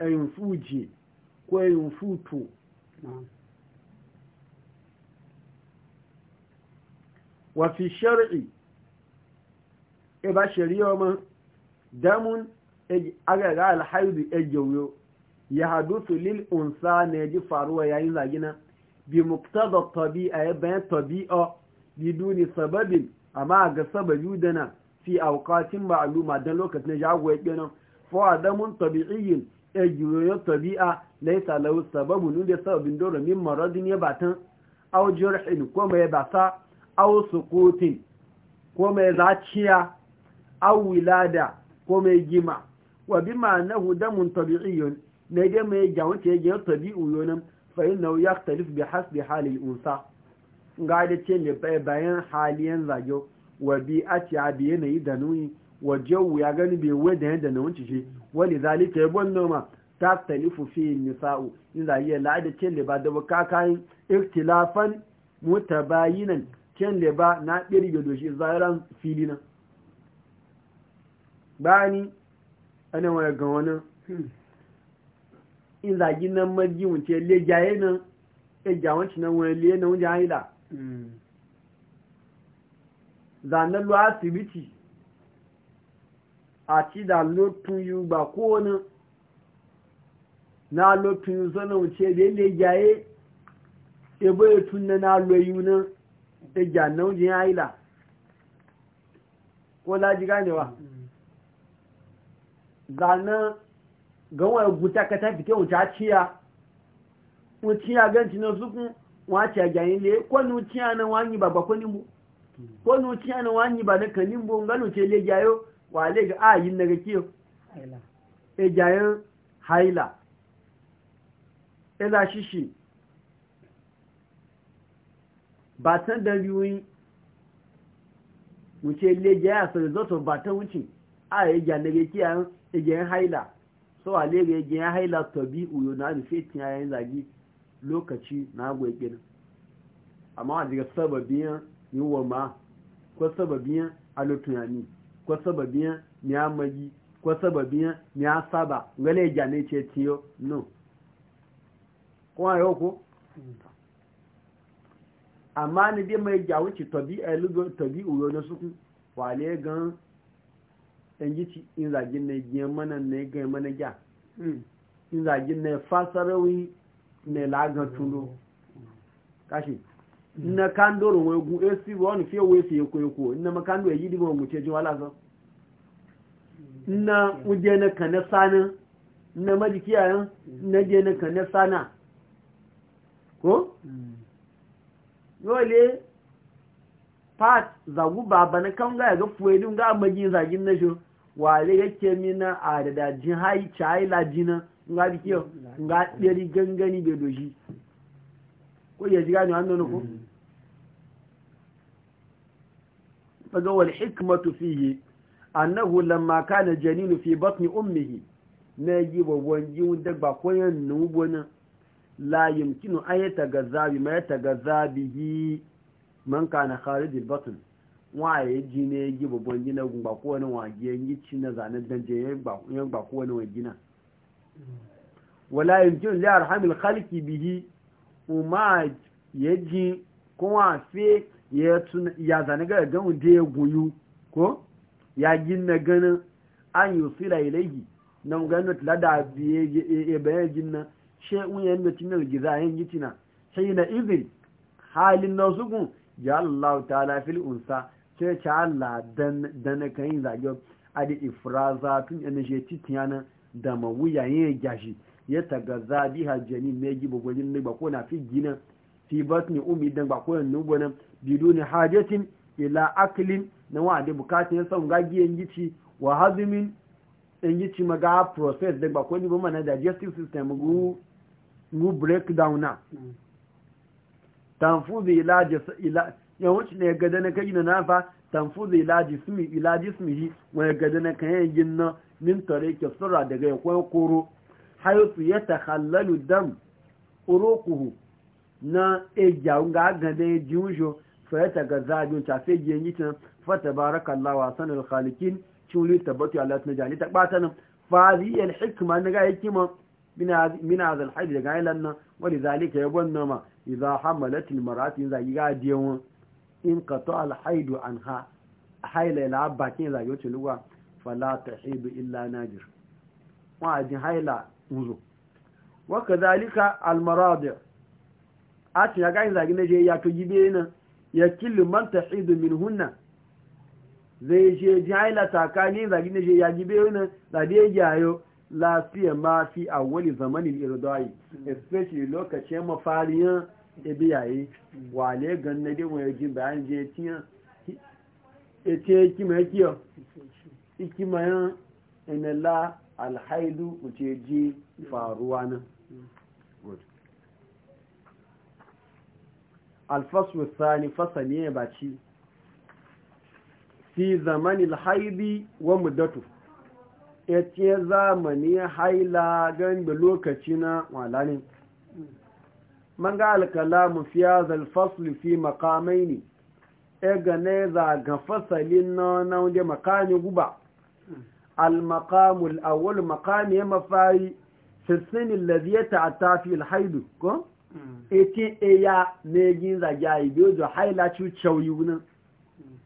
ayin fuji ko ayin futu wàfi ṣẹ́rì ìbá e ṣẹ̀rí ọmọ dámún e agagá alhaibu ẹjọ̀wó e ya hadu su lil unsa na ji faruwa yayin zagina bi muktada tabi a yabayan tabi'a bi duni sababin amma ga sababi dana fi awqatin ma'luma dan lokacin da jago ya kenan fo adamun tabi'iyyin ejiyoyin tabi'a laysa lahu sababun da sababin dora min maradin ya batan aw jarhin ko mai basa aw sukutin ko mai zaciya aw wilada ko mai gima wa bima nahu damun tabi'iyyun ne ga mai jawon ga tabi'u yonan fa innahu yaktalif bi hasbi hali al-unsa ga da ce ne bayan haliyan zago wa bi ati abi ne da nuyi wa jawu ya gani bai wada yadda na wuce shi wani zalika ya bon noma ta talifu fi nisa'u in zai yi da ce ne ba da bukakayin iktilafan mutabayinan ken da ba na ɗiri ga doshi zairan fili na bani. ana waya ga wani hmm, in zagi nan margi wuce le jaye nan e jawanci nan wani le na wujen haila hmm. zanen lo asibiti a ci da lotun yu ba ko wani na lotun yi sanar wuce da le jaye ebe ya tunna na lo nan ẹjà náà jẹ́ haila ko laji ganewa zana ga wani guta ka ta fite wuce ciya wuciya ganci na suku wace a gyanin le kwani wuciya na wani ba bakwani mu kwani ciya na wani ba na kanin bu gano ce le gyayo wale ga ayin na gakiyo e gyayen haila ila e shishi batan da biyoyi wuce leje ya sa result of batan wuce a yi gyanaga kiyayen e igiyen haila so a lega e igiyen haila bi uyo na rufe tiyayen zagi lokaci na gwaikin amma a daga sababiyan yiwuwa ma ko sababiyan alotunani ko sababiyan miyamagi ko sababiyan miyasaba gane ce tiyo no kuma yau ko? amma ni dai mai jawo ci tabi'a eh, lugo tabi'u yo na suku wale gan ji ci in zagin ne giyan mana ne ga mana ja hmm. in zagin ne fasarawi ne lagan tuno kashi hmm. na ro wai gu esi eh, won fi we fi ko eh, ko na kando yi di mo mu ce jiwala so hmm. na uje na kana sana na majikiya na je na kana sana ko yole pat zagu baba na kan ga ga fuweli ga magi zagin na shi wale yake mina a da dajin hai chai lajina nga biki kiyo nga deri gangani be doji ko ya jiga ni wannan ko faga wal hikmatu fihi annahu lamma kana janin fi batni ummihi na yi babban jiwon dagba koyan nubona la yumkinu an yi bi ma yatagazza bihi man kana kharij al-batn wa ya ji ne gi babban gina ba ko wani waje yi ci na zane dan je ya ba ko wani waje na wala yumkinu li arhamil khalqi bihi uma ya ji kuma fe ya tun ya zane ga ga wanda ya guyu ko ya ginna ganin an yusila ilayhi nan ganin lada biye ya bayan ginna shay'un a min gizahin yitina hina idhin halin sugun ya Allah ta'ala fil unsa sai ta Allah dan dan kan zage adi ifraza tun yana je titiyana da mawuya yin gashi ya tagaza biha janin me gibo gwajin ne ba ko na fi gina fi batni ummi dan ba ko nugo nan biduni hajatin ila aklin na wa da bukatun ya san yi ci wa hazimin in gici maga process da ba ko ni ba mana digestive system gu break down na tanfuzu ilaji ila wuce ne gada na kai na nafa tanfuzu ilaji sumi ilaji yi wani gada na kai yin na min tare ke sura daga ya kwan koro haitu ya takhallalu dam urukuhu na ejawu ga gada ya ji wujo fa ya taga zaɓin tafe giyan yitin fata barakallawa sanar khalikin cin lita batu ala tunaja ta ɓata nan fa ziyar hikima na ga hikima min azal hajji daga ilan nan wani zalika ya gwanna ma iza hamalatil marati zagi ga diyan in ka to alhaidu an ha haila ila bakin zagi wacce luwa fala ta haidu illa najir wa'ajin haila uzo waka zalika almaradi a ce ya gani zagi na je ya to gibe ya killu man ta min hunna zai je haila takani zagi na je ya gibe nan zagi ya gyayo lafiya ma fi a wani zamanin irdai especially lokacin mafariyan ibiyaye wale ganna dai wani jin bayan je tiyan ete kima yakiyo yan inala alhaidu wuce ji faruwa nan alfasu sani fasani ya baci fi zamanin haidi wa mudatu ya ce zamani haila gan da lokaci na walani man ga alkalamu fi fasli fi makamai ne e gane fasalin na na makami guba المقام makami مقام يمفاري في السن ko يتعطى في mm. الحيض كم ete eya megin zagayi da haila cu cauyuna mm.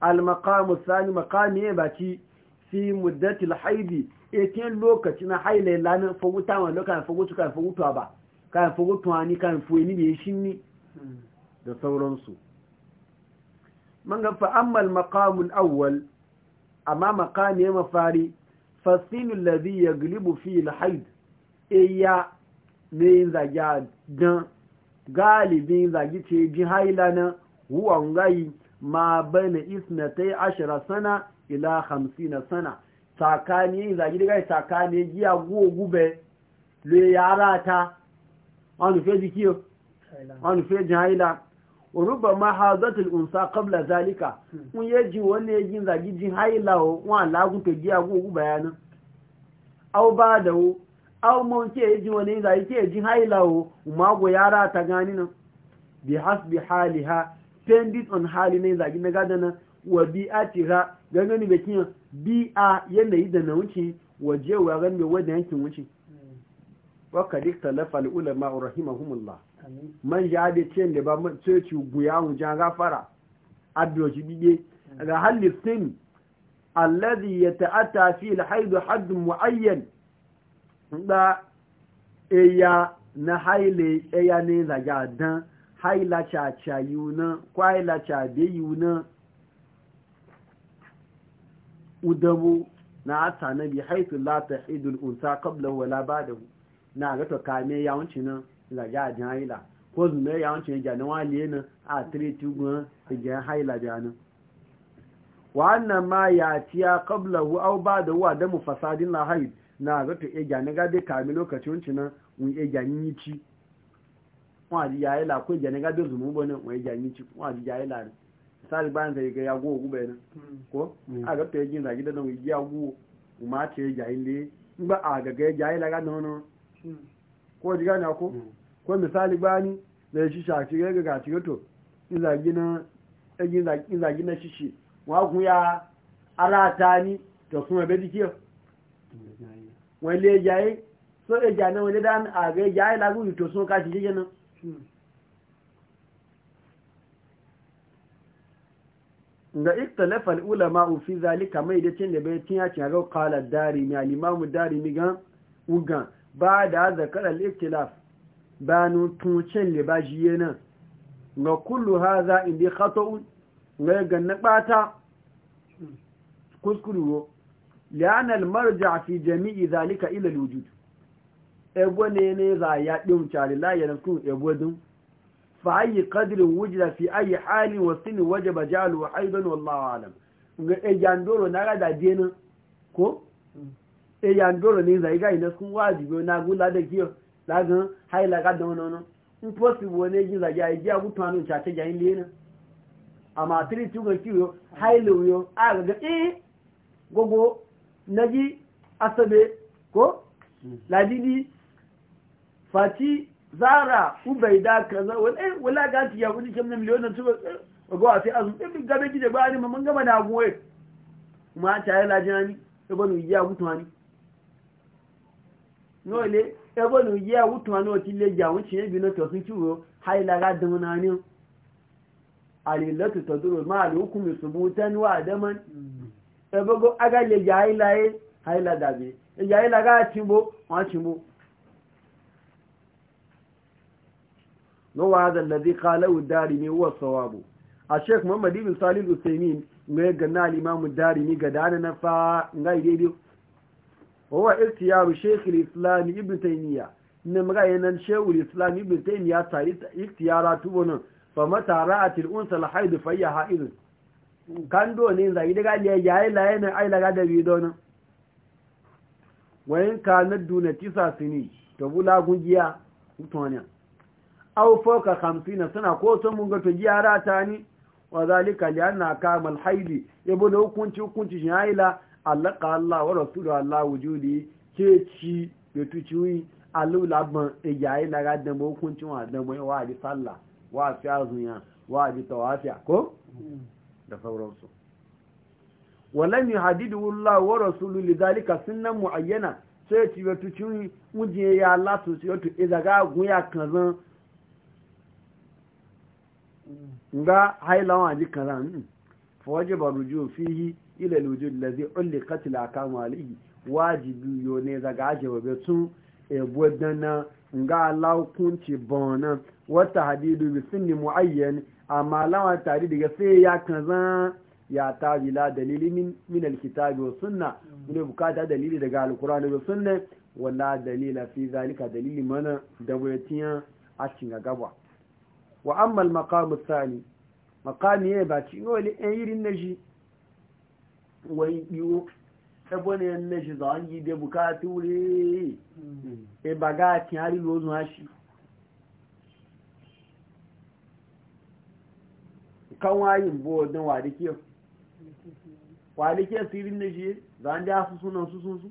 al sani maqami ya baci fi muddatil haidi ekin eh, lokaci na haile lana wa lokacin fogutu kan fogutuwa ba kan fogutuwa ni kan fuyi ne shin ni da sauransu man ga fa ammal maqamul awwal amma maqami mafari fasinu alladhi yaglibu fi alhaid iya eh, ne zaga dan galibin zagi ce ji haila na huwa ngai ma bana isnatai ashara sana ila hamsi na sana tsakani zagi daga tsakani giya gube le yara ta wani feji kiyo wani feji haila ruba ma hazatul unsa qabla zalika hmm. mun yaji wani yin zagi jin haila wa lagun to giya gube yana au ba da o au mun ke yaji wani zagi ke jin haila wo go yara ta gani nan bi hasbi haliha pendit on hali ne zagi na gadana wa bi'atiha gangani da kiyan bi a yanayi da na wuce waje wa ran mai wadda yankin wuce waka dik talafa al'ulama rahimahumullah man ja da ce da ba ceci guya mu ja gafara addu'o'i biye ga halifin alladhi yata'atta fi al-hayd hadd muayyan da eya na haile eya ne zaga dan haila cha cha yuna kwaila cha de yuna udabu na ata na bi haitu la ta idul unsa kabla wala ba'da na ga to kame yawanci nan la ga jan haila ko zume yawanci ga na waliye nan a tire tugun jan haila da nan wa annan ma ya tiya kabla hu aw ba'da wa da mufasadin la haid na ga to ga e na ga be kame lokacin cin nan e ga ni ci wa ji ya haila ko ga e na ga be zumu bonan wa ga e ni ci wa ji ya haila misali bayan zai ga guo gube nan ko a ga to da gidan nan guo ma ce jayin le ba a ga ga jayi la ga nono ko ji gana ko ko misali bani da shi shafi ga ga ci to in za gina in za in za gina shishi wa ku ya arata ni to kuma be dikiyo wani le jayi e, so e jana wani dan a ga la gu to so ka shi gina hmm. da ikhtilafal ulama fi zalika mai da cin da bai tin ya cin ga qala darimi al-imam darimi ga uga ba da zakar al-ikhtilaf banu tuncin jiye nan. ga kullu hadha indi khata'un ga ganna bata kuskuru lian al-marja fi jami'i zalika ila al-wujud ebo ne ne za ya din charila ya nafkun ebo din fa ayi kadiri wujida fi ayi hali wa sin wajaba jalu aidan wallahu alam e na ga da ko e yandoro ni zai ga ina kun na gula da kiyo lagan haila ga da wono impossible ne ji zagi ai ga gutanu cha ce ga ile tiri haila yo a ga e gogo naji asabe ko ladidi fati zara ubaida kaza eh, wala ga ti ya kudi kimna miliyon tu ga sai azum din eh, gabe gide ba ni mun gama na goye ma ta ya lajani e bonu ya mutuani no le e bonu ya mutuani o ti le ja won chi bi no to sun ti wo hay la ga dun na ni alilatu taduru ma al hukm subutan wa adaman e mm. bogo aga le ja hay la hay la dabe e ja hay la ga chimbo wa chimbo no wa hadha alladhi qala ad-darimi huwa sawabu a sheikh muhammad ibn Salim al-usaymin ne ga na al-imam ad-darimi ga dana na fa ngai dai dai huwa ikhtiyaru al-islam ibn taymiya ne maga yanan sheikh al-islam ibn taymiya tari ikhtiyaratu wannan fa mata ra'atil unsa al-hayd fa hiya haid kan do ne zai daga yayi laye ne ai daga da bido nan wayin na duna tisa sini to bula gungiya mutoniya aw fawqa 50 suna ko to mun ga to giyara ta ni wa zalika li anna kamal haidi yabo da hukunci hukunci shi haila alaka Allah wa rasuluhu Allah wujudi ke ci da tuciwi alula ban eja haila ga dan hukuncin wa dan mai wa di sallah wa fi azunya wa di tawafiya ko da sauransu walam yuhadidu Allah wa rasuluhu lidhalika sunnan muayyana sai ci da tuciwi muje ya Allah to sai to izaga gun ya kan zan nga hailawa ji kaza hmm, fawaje ba rujo fihi ila lujud lazi ulli qatla kama alihi wajibi yo ne zaga aje ba be tun e bodana nga Allah bona wata hadidu bi sinni muayyan amma lawa tare daga sai ya kaza ya ta bila dalili min min alkitabi wa sunna ne bukata dalili daga alqur'ani da sunna wala dalila fi zalika dalili mana da wayatiya a cin gaba wa amma al-maqam ath maqami ya ba ci ngole en yirin naji wai biyo ebone en naji da an yi de bukatu re e baga ti ari lozu hashi kan wayin bo dan wa dake wa dake sirin naji da an da su sunan su sun su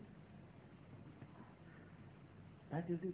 that is it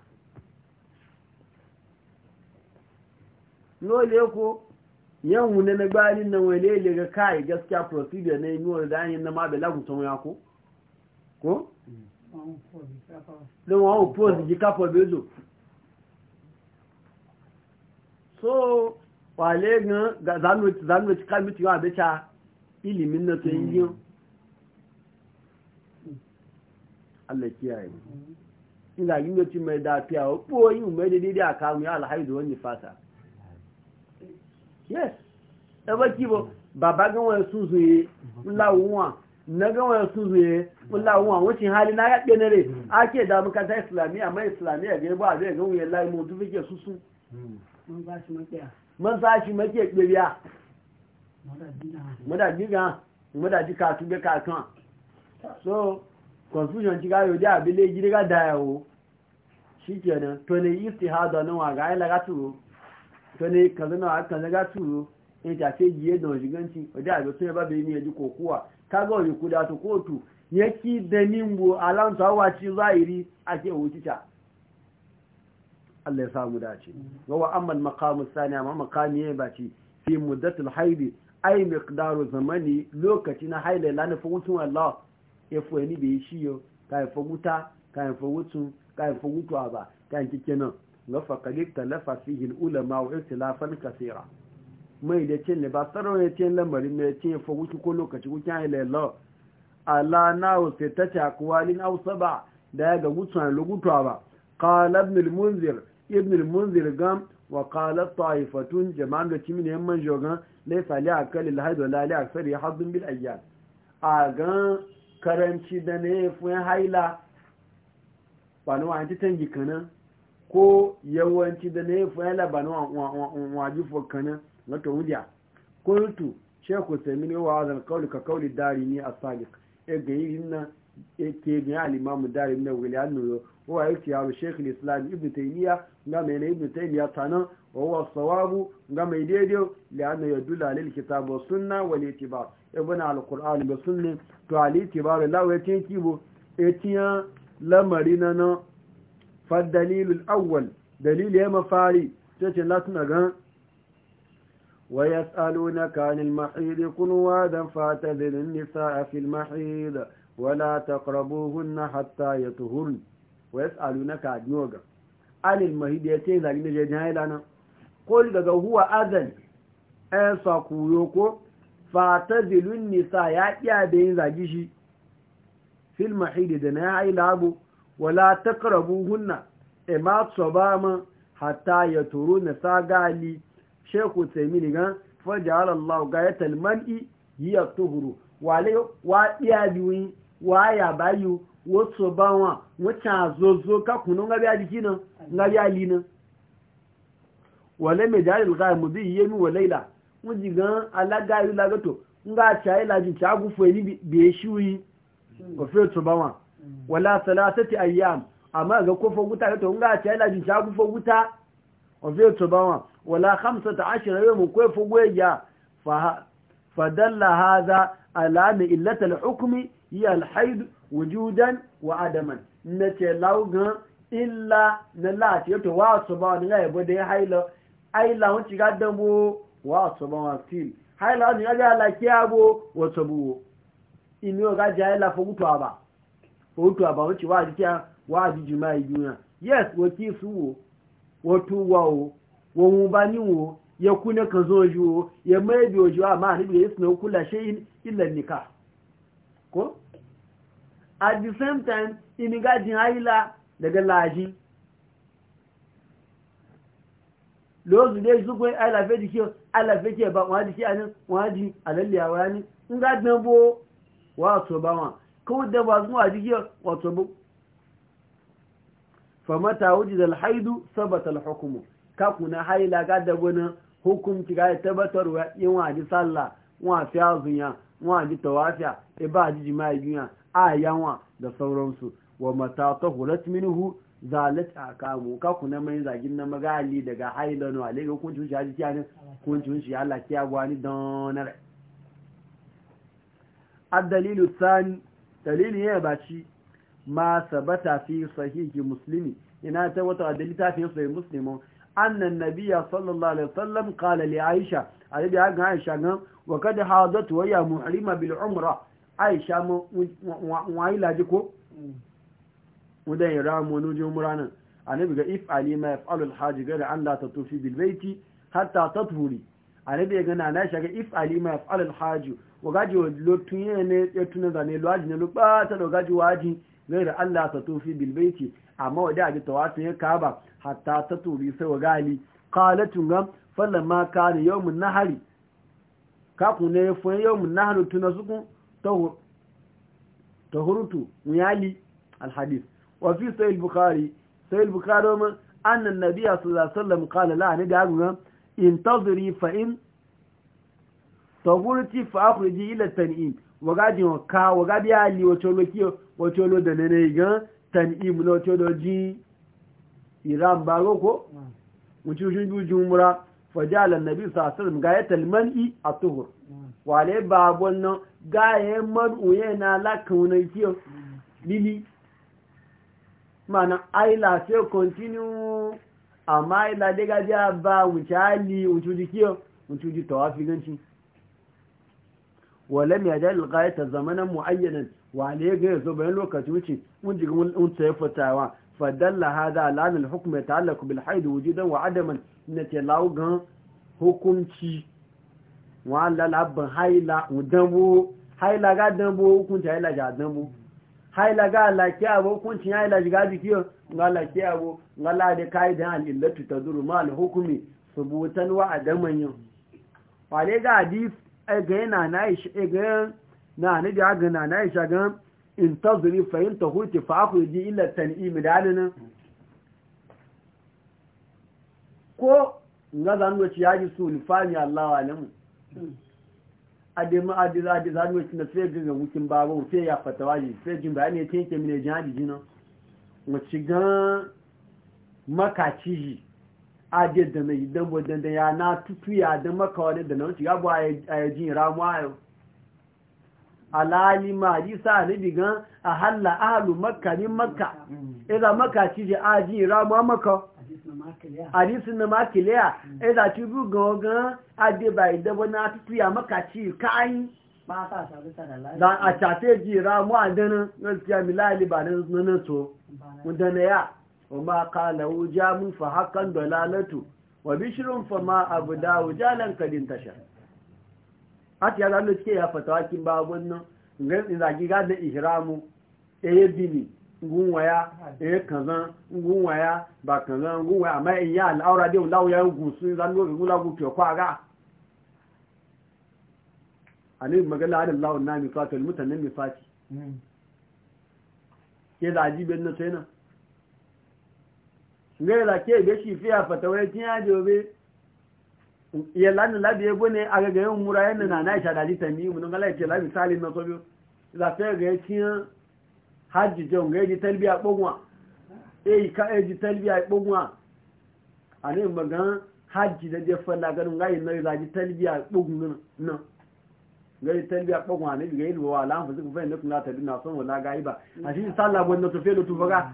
lole ko yan wune na gbalin nan wale le ga kai gaskiya procedure ne ni wani dani na ma bela gutun ya ko ko le wa o pose ji kapo bezo so wale gan ga zanu zanu ti kami ti wa be cha ilimin na to yin Allah kiyaye ina yin ti mai dafiya o po yin mai daidai aka mu ya alhaidu wani fata yes ẹgbẹ́ kí bọ́ bàbá gánwọ̀ ẹ̀sùn zuye ńláwọ́wọ́n na gánwọ̀ ẹ̀sùn zuye ńláwọ́wọ́n wọ́n ti hali náà yàgbẹ́ rẹ̀ á kí ẹ̀dá mọ́kátà ìsìlámì àmọ́ ìsìlámì ẹ̀gẹ́ bọ́ àbẹ́ ẹ̀gẹ́ wọ́n yẹ láì mọ́ tó fi jẹ́ súnsún mọ́sáàṣì hmm. mọ́kẹ́ pèrè à mọ́dàjí gan mọ́dàjí kàtún gbé kàtún so confusion ti káyọ̀ dé àbílẹ̀ ìjírí ká dáyàwó ṣíkẹ̀ náà tó ní ìsìhádọ̀ náà àgáyé lágátùrò to ne kaza na kaza ga turo in ta ce giye da wajiganci wadda a sun ba bai ne ji kokowa ka ga wani kuda ta kotu yaki da nimbo alamsa wace zahiri ake wucita Allah ya samu dace wa amma maqamu sani amma maqami ne ba ci fi muddatul haidi ai miqdaru zamani lokaci na haila la na fugutun Allah ya fuwa ni bai shi yau, ka yi fuguta ka yi fugutun ka yi fugutu ba ka ya kike nan ga faƙaɗi talafa fihin ulama wa itilafan kasira mai da cin ne ba tsaron ya ce lamarin mai ce fa wuki ko lokaci wuki ya lalọ ala na wasu ta cakwalin hausa ba da ya ga gutsuwa lugutuwa ba ƙalar milmunzir ibn munzir gam wa ƙalar taifatun jama'an da cimin yan man shogan laisa li a kalil da lali a sari hazin bil ayyar a gan karanci da ne fun haila Wani na tangi kanan ko yawanci da na yi ba na waji fokanin na tawuliya kuntu shekhu samini wa wazan kauli ka kauli dari ni a salik e ga yi na e ke ga alimamu dari na wiliyan nuyo wa yi tiyaru shekhu islam ibn taymiya ga mai na ibn taymiya tanan wa wa sawabu ga mai daidai ya yadula lil kitab wa sunna wal itibar ibn e al-qur'an bi sunni to al itibar la wa tinki bo tiya lamari na na fa dalilul awwal dalil ya mafari tace la tuna gan wa yas'alunaka 'anil mahid kun wadan fatadhilun nisaa fil mahid wa la taqrabuhunna hatta yatuhurn wa yas'alunaka adnoga 'anil mahid yace zagi ne je haila nan qul daga huwa adan ay eh, sakuyo ko fatadhilun nisaa ya iya da yin zagi shi fil mahid da na haila abu wala taqrabu hunna e ma tsobama hatta yaturuna sagali sheku taimini gan faja'ala Allah gayatal man'i hiya tuhuru wale wa iya biyu wa ya bayu wasu bawa wacce zozo ka kunu ngabi a jiki ga ngabi a lina wale mai jalil mu bi yemi wa laila mu ji gan alaga yu lagato nga cha ila ji fo ni be shiwi ko fe to bawa wala salasati ayyam amma ga kofar wuta to nga ta ila jin ta kofar wuta ofe to wa wala 15 yawm kofar ya fa dalla hada ala ma illata al-hukmi ya al-hayd wujudan wa adaman nace laugan illa na lati to wa ba ni ga yabo da haila haila won ci gadan bo wa ba wa still haila ni ga la kiabo wa tabuwo inu ga jaila to aba otu àbàwọn tí a wáàdì jù máa ìjú náà yes wọ́n kí sú wo wọ́n tó wọ́ o wọ́n mú bá níwò yẹ kú ní kan zọ́n ju o yẹ mẹ́bí òjò àmà níbi yẹ sinà kú làṣẹ ilẹ̀ ko at the same time daga laji lóòzù dé ìsúkú alàfẹ́ di kí o alàfẹ́ kí ẹ̀bá wọ́n á a ní wọ́n á di àlẹ́lẹ́ àwọn ní ń gá so ba á kawai da ba zuwa jigiyar wato bu famata wujid alhaidu sabata alhukmu ka kuna haila ga da gona hukunci ga tabbatarwa yin waji sallah wa fi azunya wa ji tawafiya e ba ji jima'i duniya a yanwa da sauransu wa mata ta hulat minhu zalat akamu ka kuna mai zagin na magali daga haila no ale kun kunci shi haji kun kunci shi Allah kiya gwani donar الدليل الثاني dalili ya baci ma sabata fi sahihi muslimi ina ta wata dalita fi sahihi muslimin annan nabiya sallallahu alaihi wasallam qala li aisha alibi ga aisha gan wa kad hadat wa ya muhrima bil umra aisha mu wa ila jiko mudan ramu nu je umra nan alibi ga if alima yafalu al haji gara an la tatufi bil baiti hatta tathuri alibi ga na aisha ga if alima yafalu al haji wagaji lo tunye ne ya tuna zane lo aji ne lo ta da gaji waji zai da Allah ta bil bilbaiti amma da aji tawafin ya kaba hatta ta tobi sai wagali qalatun gam falamma kana yawmun nahari ka ku ne fa yawmun nahari tuna suku tahurutu muyali hadith wa fi sahih bukhari sahih bukhari ma anna nabiyyu sallallahu alaihi wasallam qala la ani da'una intaziri fa in fa tọgurti ji ila tan'im wagajin ka wagabi ali wacolo kiyo wacolo da nane gan tan'im na wacolo ji iran ba ko mutum shi jujun mura fajala nabi sasar gaya talmani a tuhur wale ba wannan gaya mar'u yana lakaunan kiyo lili mana aila sai continue amma aila daga ja ba wuce hali wuce jikiyo wuce ji tawafi ganci walam ya dal gayata zamanan muayyanan wa ne ga yazo bayan lokaci wuce mun ji mun tsaye fatawa fadalla hada ala al hukm yata'allaqu bil haid wujudan wa adaman nati lawu gan hukunci wa lal abban haila udambo haila ga dambo hukunci haila ga dambo haila ga laki abu hukuncin haila ga dikiyo ga laki abu ga la da kaidan al illatu taduru ma al hukmi subutan wa adaman yau ga na na isha ga na ni da ga na na isha ga in tazri fa in tahuti fa akhruji illa tan'im dalina ko nga zan wuce yaji su lifani Allah alamu adema adiza adiza wuce na sai ga wucin babo sai ya fata waje sai jin bayani ne tinke mine jihadi jina wuce ga makaci ajiyar da na idan wadanda ya na ya don makawarin da na wuce bu a jin ramu ayo alalima hadisa na digan a halla ahalu makka ni makka iza mm. makka ci je ajin ramuwa maka hadisun na makiliya iza mm. ci ba yi adeba na tutu ya makka ci ba a shafe ji ramuwa dana gaskiya milali ba na nan so wadanda ya وما قال وجام فحقا دلالته وبشر فما ابدا وجالا قد انتشر hati ya zama يا ya fata wakin babun nan ganin zagi ga da ihramu eh bini gunwaya eh kazan waya ba kazan gunwaya amma in ya al'aura dai lawo ya gusu zan go gula go ke kwa ga ani magana adal lawo na fatul mutanen fati ke da na sai na. ngai la ke be shi fiya fata fatawa tin ya jobe ya lani labi ebo ne a gaga yin mura yana na na isha dalita mi mu nungala ya ce labi misali na so sobi za ta ga ya ciye hajji jon ga yaji talbiya ɓogwa e yi e yaji talbiya ɓogwa a ne magan hajji da jefa lagarin ga yin nari zaji talbiya ɓogwa nan ga yi talbiya ɓogwa ne ga yi ruwa lamfa suka fahimta kuna tabi na son wala ga yi ba a shi sallah gwamnati felo tubaga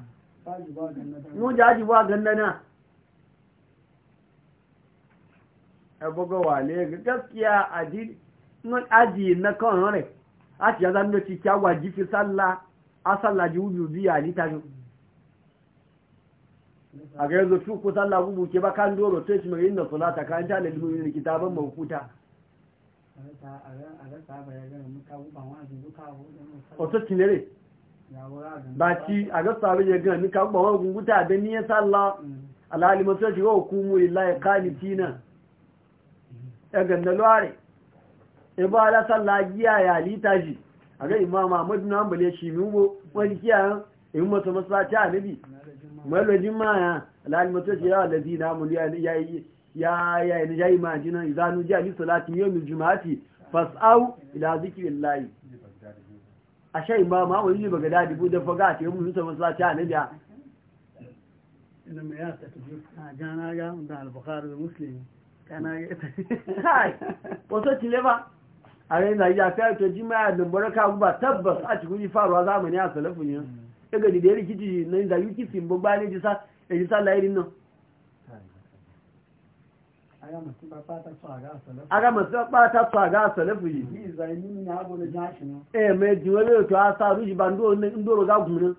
mun jaji ba gandana ya buga wale ga gaskiya aji mun aji na kan rai a ci yanzu da cikiya waji fi sallah a sallah ji wuju biya ni ta zo a ga yanzu su ku sallah gubu ke ba kan doro sai shi mai yin da salata kan ba ci a ga sabu ya gina ni ka ba wa gunguta da ni ya salla alhali mutum shiga hukumu lillahi qanitina ya ganna lware ya ba la salla giya ya lita shi a ga imam Ahmad na Hanbal ya shi mu wani kiya in mutum a nabi malwajin ma ya alhali mutum shiga alladina mun ya ya ya ya imajina idanu ja li salati yawmil jumu'ati fas'au ila zikrillahi a sha ba ma wani ne baga dadi budan faga a cikin musu saman sa ta anabiya wasu cile ba a rai na ya fiye to ji maya dumbara kagu ba tabbas a cikin yi faruwa zamani a salafin yin mm. ɗaga da ya rikici na da yi simbin sa nan aga masu pata tsaga a salafu yi eh mai jiwere otu a sa ruji ba ndị oro ga gumunin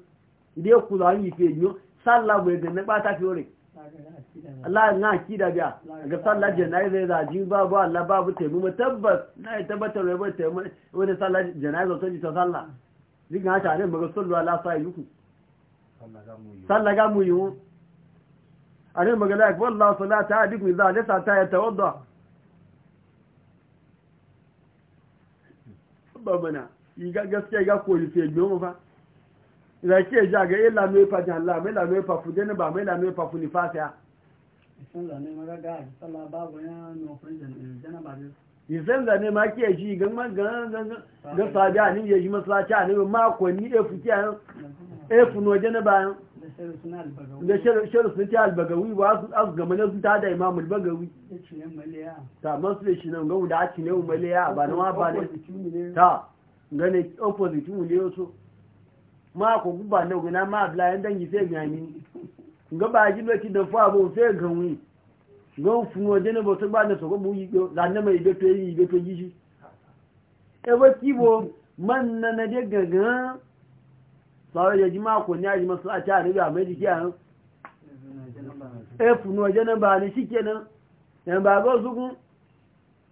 ndị ya kula an yi fiye yiwu salla bai ganin pata fiye Allah na akida biya ga sallar jana'iza da ji babu Allah babu taimako tabbas na yi tabbatar da bai taimako wani sallar jana'iza sun ji ta sallah jikin haka ne maga sallu ala sa yi yuku sallah ga mu yiwu anan magana ya kuma salata a duk za a nasa ta ya gaskiya ga koyi sai fa ila ke ja ga e ila me fa jan la la ba la ni ne ya Isan zane ma ke shi gan man gan gan gan sabi a ni ya shi masu lati a ni ma efu e ke efu no bayan. da shirin sun ta albagawi ba su gama na sun ta da imam albagawi ta masu da shi nan gawu da ake ne umaliya ba na ba ne ta gane opposite mu ne so ma ko guba na guna ma abla yan dangi sai gani ga ba ji lokaci da fa bo sai ganwi gon funo de ne bo to ba na so ko bu yi go da na mai de to yi de to yi shi e ba kibo man na na de gaga sọ̀rọ̀ yẹjí máa kò ní àjí masalata àríwá méjì kí àrùn ẹfùnú ọjọ́ nọmbà ní síkẹ́ náà ẹ̀mbà gọ́ọ̀sùgún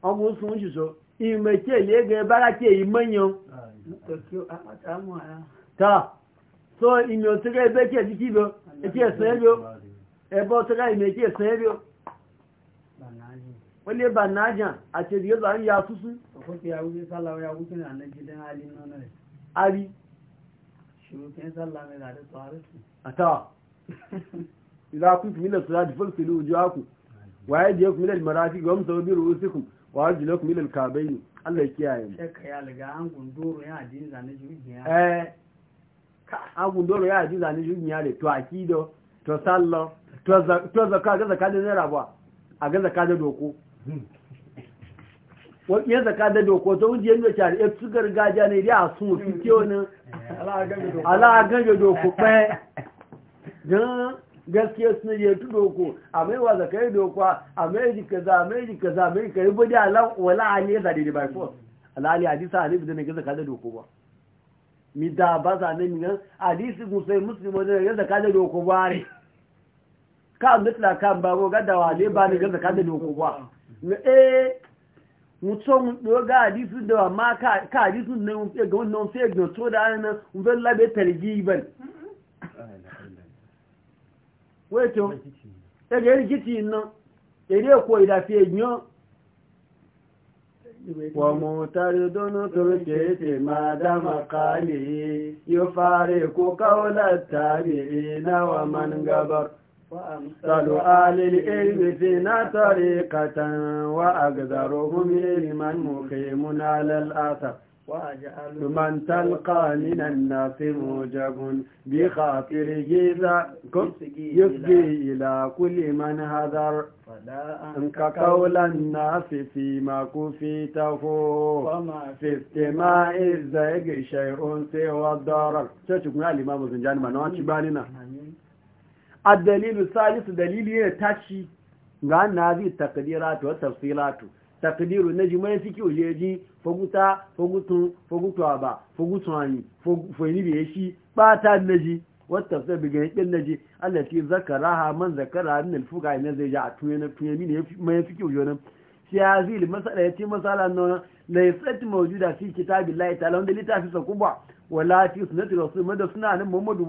ọmọ oṣù ṣìṣọ́ ìmẹ̀kí ẹ̀lẹ́gẹ̀ẹ́ bára kí èyí mẹ́yàn ta so ìmẹ̀ òtúrẹ́ ẹgbẹ́ kí ẹ̀sí kí lọ ẹkí ẹ̀sán ẹ̀lọ́ ẹbọ́ tọ́lá ìmẹ̀kí ẹ̀sán ẹ̀lọ́ ó lé bànájà àti èdè yóò shurutun sallah mai na kun fi milar sura da falsilu wujuhaku wa ya ku milar marafi ga wamsa wa ya ku milar kabai ne kiyaye mu ya liga an gundoro ya ajin zane ya eh an gundoro ya ajin zane jirgin ya to akido to sallo to zaka ga zaka da naira ba a ga zaka da doko wani zaka da doko to wuje ne ta da su gargajiya ne da su aláàgánjò dòkò pẹ́ gan gaskiya suna yi tu doko a mai wa zaka yi doko a mai ji kaza a mai ji kaza a mai kari bude ala wala ali da zade da by force ala ali hadisa ali bidan ga zakari doko ba mi da ba za ne mi nan hadisi musai muslimo da ga zakari doko ba re ka mutla kan ba go ga da wale ba ne ga zakari doko ba eh mutum ga hadisu da wa ma ka hadisu na ga wannan sai ga to da ana zan labe targiban weto ta ga rikici nan ere ko ida fi eyan wa mutare dono to ke te ma da makali yo fare ko kaula na wa man gabar وأمثال أهل العلم فينا طريقة وأقدرهم علما مقيم على الأثر وأجعل من تلقى من الناس موجب بخاطره ذا يفجي إلى كل من هذر فلا أنك قول الناس فيما كفيته وما في استماع الزيق شيء سوى الضرر شو تقول الإمام الزنجاني ما نوانش بالنا الدليل الثالث دليل يتاشي غان هذه التقديرات والتفصيلات تقدير النجم يسكي وجيجي فقطا فقطن فقطوا با فقطواني فقطواني بيشي باتا النجي والتفصيل بجانب النجي التي ذكرها من ذكرها من الفقع نزيجا جاء توينا ما يسكي وجينا في هذه المسألة يتي مسألة أنه ليست موجودة في كتاب الله تعالى وانده لتعفي سكوبة ولا في سنة رسول مدى سنة محمد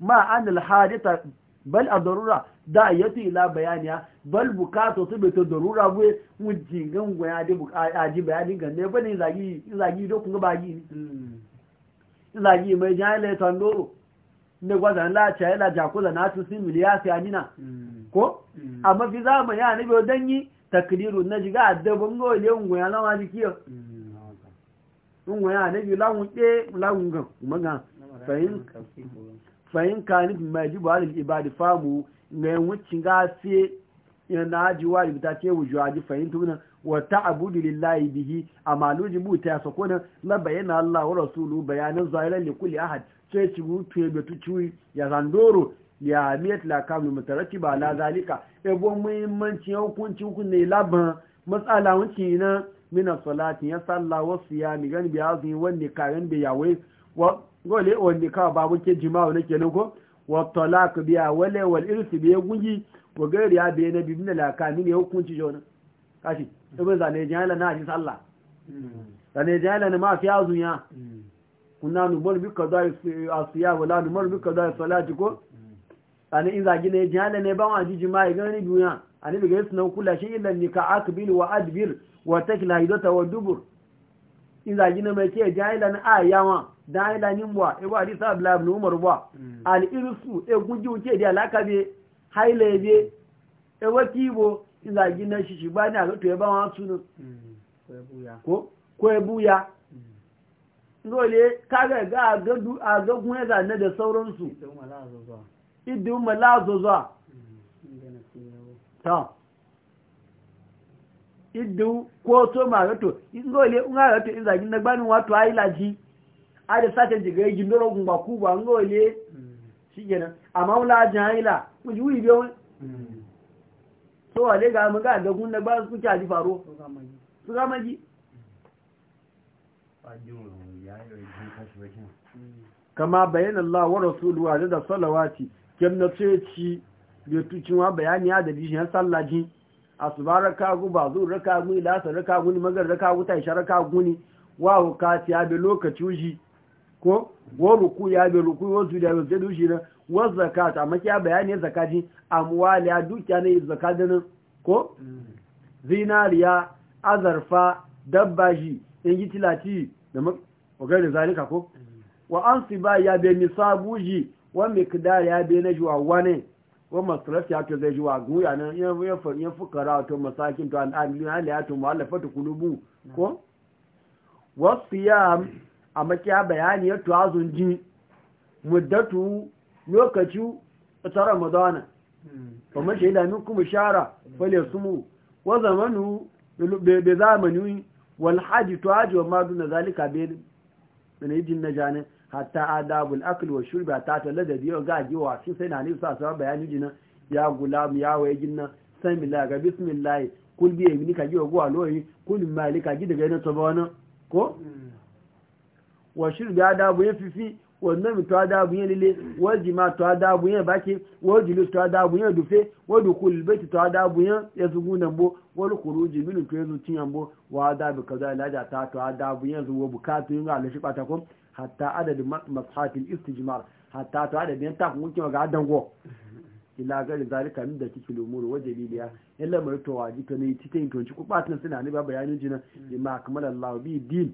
ما أن الحادثة bal a darura da ya fi bayaniya bal bukata su bai ta darura bu wujji gangwa ya ji bayani ga ne zagi do kun hmm. zagi mai tandoro ne gwaza la cha ko na tu sin miliya anina hmm. ko hmm. amma fi za mu ya takdiru na jiga addabun le ngwa ngwa ya ne bi ke ga fahim ka ni mai jibu halin ibadi famu na yin wucin gafe na aji wa ibita ce wujo aji fahim tuna wata abudu lillahi bihi a ta buta ya sako na na bayyana Allah wa rasulu bayanan zahirar da kulli ahad sai ci mutu ya betu ciwi ya zandoro ya miyat la kamun mutarati ba la zalika ebo muhimmanci ya hukunci hukun ne laban matsala wuce na mina salati ya sallah wasu ya gani biya zuwa wanda kayan da yawai gole wanda kawo babu ke jima'u na kenan ko wata laku biya wale wal irsi biya gungi wa gari ya biya na bibin da lakami ne hukunci jona kashi ibi mm. zane jihar na ajiyar sallah mm. zane jihar na mafi azun ya mm. kuna numar bi kaza a siya wala numar bi kaza a salati ko zane in zagi na jihar ne ban wajen jima'i gani duniya a ne bigayi sunan kula shi ilan ni ka akbil wa adbir wa takila hidota wa dubur in zagi na mai ke jihar na a yawa da ila yin wa e wa hadisa abdullah ibn umar wa mm. al irsu e guji uke da alaka be haila ebe e wati bo ila gina shi shi bani a to e ba wa sunu mm. ko ko e buya dole mm. kaga ga ga du a ga gun na da sauransu idu malazo zuwa ta idu ko to ma ga to dole in ga to in zagin na gbani wato ayi a da jiga yi gindoro gungba ku ba ngo le shi kenan amma wula jahila ku ji wuyi biyo so wale ga mu ga da gun da ba su kuke ji faro su ga maji kama bayan Allah wa rasulu wa da salawati kem na ce ci da wa bayani ya da jishin sallaji ba raka gu ba zuwa raka gu ila su raka gu ni magar raka gu ta isha raka gu ni wa hukati ya bi lokaci wuji ko wa ruku ya bai ruku wa su da bai dushi na wa zakata amma kiya bayani zakati amwali ya dukiya ne zakadin ko mm. zinariya azarfa dabbaji yi tilati da magar da zalika ko mm. wa ansiba ya bai misabuji wa miqdar ya bai najwa wane wa masraf ya to zai jiwa guya na ya fukara to masakin to al'amilin haliyatu ta kulubu ko mm. wasiyam a makiya bayani ya tuwazun ji muddatu lokaci ta ramadana kuma shaida min kuma shara fale sumu wa zamanu be zamani walhaji haji tuwaji wa madu na zalika be na yijin na hatta adabul akli wa shurbi ta ta da ga gaji wa sun sai na nisa sa bayani jina ya gulam ya waye jinna sami la ga bismillah kul bi yamini ka ji wa guwa loyi kul malika ji daga yana tsoba wani ko wa shirga adabu ya fifi wannan mito adabu ya lile wa jima to adabu ya baki wa julu to adabu ya dufe wa dukul baiti to adabu ya ya zugu nan bo wa khuruji min to yazu tiyan bo wa adabu kaza laja ta to adabu ya zuwa bukatu yin ala shi pata ko hatta adad masahatil istijmar hatta to adadin ta kun kin ga dango ila ga zalika min da kike lumur waje biliya yalla martowa jika ne titayin to ci ku patin suna ne ba bayanin jina ma akmala Allah bi din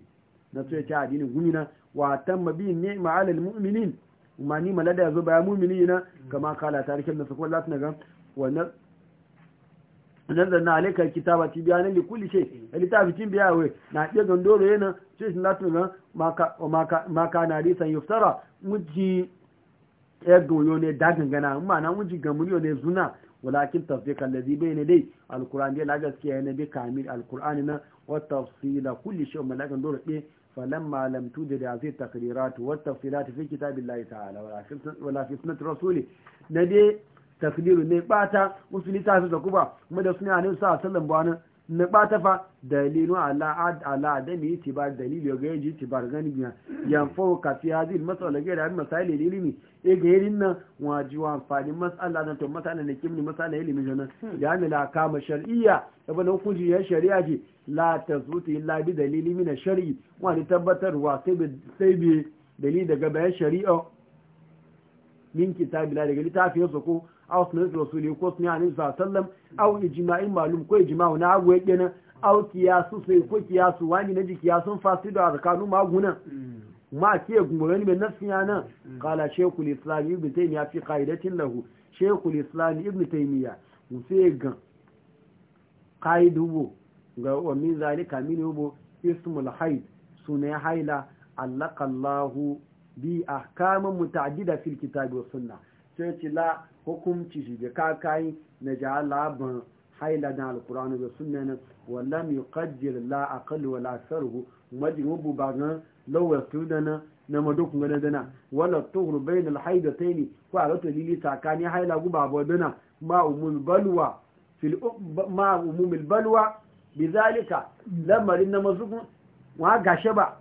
na so ya ci adini gumina wa tamma bi ni'ma 'ala al-mu'minin ma ni malada yazo ba mu'mini na kama kala tarikin na sako Allah tunaga wannan nazarna alayka kitaba tibyana li kulli shay alitabi tin biya we na je gandoro yana sai sun latu ga maka maka maka na risan yuftara muji ya goyo ne dagin gana amma na muji gamuriyo ne zuna walakin tasdiqa allazi bayna dai alquran dai na gaskiya ne bi kamil alquran na wa tafsila kulli shay malakan dole فلما لم توجد هذه التقريرات والتفصيلات في كتاب الله تعالى ولا في سنة رسوله نبي تقدير نباتا suna تاسو كوبا ما da sunna alaihi sallam bana nabata fa dalilu ala ad ala adami itibar dalil yoga yaji itibar gani biya yanfo ka fi hadhihi masala ga da masail ilimi e ga yirin nan waji wa amfani masala na to masala ne kimni masala ilimi jana ya ne la kama shar'iyya ibn hukunci ya shari'a ce. la tazbutu illa bi dalili min ash-shar'i wa li tabbatarwa sai bi sai bi dalili daga bayan shari'a min la daga litafi su ko aw sunnat rasuli ko sunna annabi sallallahu aw ijma'i malum ko ijma'u na agwaye kenan aw kiyasu sai ko kiyasu wani na kiyasun fasidu azkanu maguna mm. ma ke gumurani mai nafsi yana kala mm. shekul islam ibn taymiya fi qaidatin lahu shekul islam ibn taymiya sai gan qaidu ga wa min zalika min hubo ismul haid suna haila allaka Allahu bi ahkamin muta'addida fil kitabi wa sunna sai ce la hukunci shi da kakai na ja laban haila da alkurani da sunna a wallam yuqaddir la wala aktharuhu majrubu majin law yastudana na maduk ngana dana wala tuhru bain al haidatayn ko a rato lili takani haila guba ma umul balwa fil ma umul balwa bizalika lamarin na mazugun wa gashe ba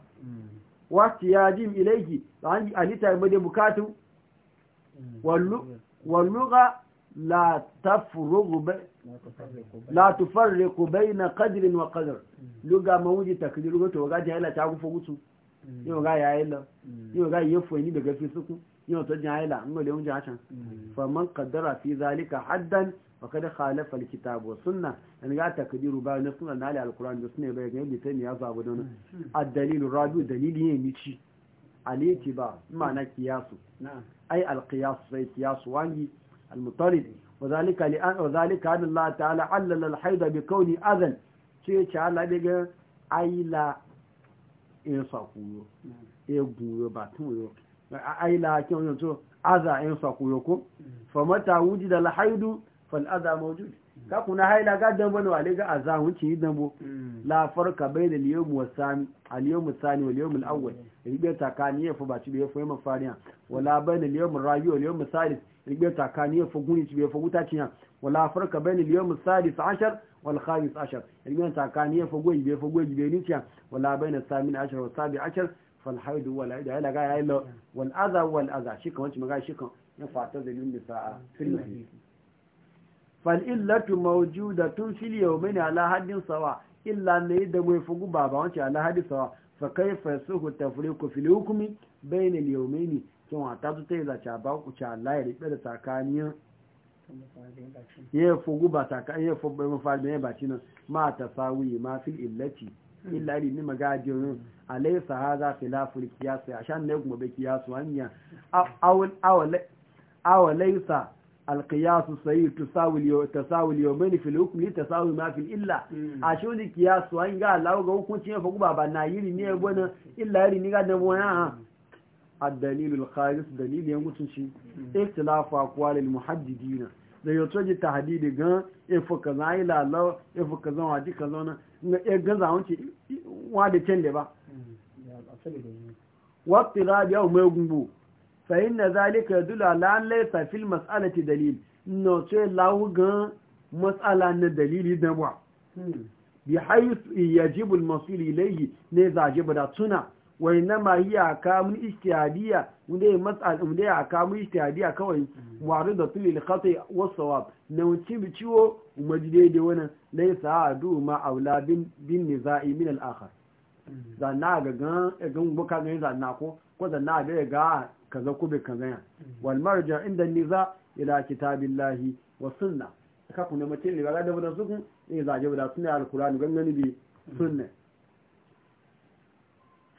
wasu ya ilayhi ilaiki ba an alita mai bukatu walluga la tufarriku bai na kadirin wa kadar luga mawuji to wato waga haila ta gufa wutu yau ga ya la yau ga yi ni daga fi suku yau ta haila in ga lemun jahan fa man qaddara fi zalika haddan fakada khalafa alkitab wa sunna an ga takdiru ba na sunna na da sunna bai ga sai ne ya zabu don ad-dalil rabi dalili ne mici aliti ba ma'ana kiyasu ai alqiyas sai kiyasu wangi almutarrid وذلك لأن وذلك أن الله تعالى علل الحيض بكون أذن شيء تعالى بيجا أيلا إنصاقوه إبوه باتوه أيلا كي ينتو أذى إنصاقوه فمتى وجد الحيض fal'aza mawujud ka kuna haila ga dambo wale ga aza hunci yi dambo mm. la farka bai da liyomu wasani aliyomu sani wa liyomu al'awwal ya fi ba ci bai fi yamma fariya wala bai da liyomu rayu wa liyomu salis rigbe takani ya fi guni ci bai fi wuta ciya wala farka bai da liyomu salis ashar wal khamis ashar rigbe takani ya fi goyi bai fi goyi bai niciya wala bai da samin ashar wa sabi ya fal'illatu mawjudatun fil yawmin ala haddin sawa illa ne da mai fugu baba wance ala sawa fa kaifa suhu tafriqu hukumi. hukmi bayna al yawmayn kin wata ta yi zace ba ku ci Allah ya ribe da tsakanin ya fugu ba tsakanin ya fugu ba fa ne ba tinan ma yi ma fil illati illa li ni magajin alaysa hadha khilaful qiyas ashan ne kuma be qiyas wanya aw aw aw alaysa القياس الصحيح تساوي تساوي اليومين في الحكم تساوي ما في الا اشو دي قياس وان قال لو غو كنتي فوق بابا نايري ني بونا الا يري ني غدا بونا الدليل الخالص دليل يمتشي اختلاف اقوال المحددين da yau tsoji ta hadidi gan efu kaza yi lalau efu kaza wa ji kaza na ya gaza wanci wa da can da ba wasu rabi yau mai gumbu fa inna zalika yadullu ala an laysa fil mas'alati dalil no ce lawu ga mas'ala na dalili da ba bi haythu iya al masil ilayhi ne zajiba da tuna wa inma hiya kamun ijtihadiyya wanda mas'al wanda ya kamun ijtihadiyya kawai da warida fil khati was sawab na wuce bi ciwo umajide da wannan laysa adu ma aula bin bin nizai min al akhar zanna ga ga ga buka ga zanna ko ko zanna ga ga kaza ko bai kaza ya mm. wal marja inda niza ila kitabillahi wa sunna ka kuma mace ne ga da wannan sukun ne za je da sunna alqur'ani gangani bi mm. sunna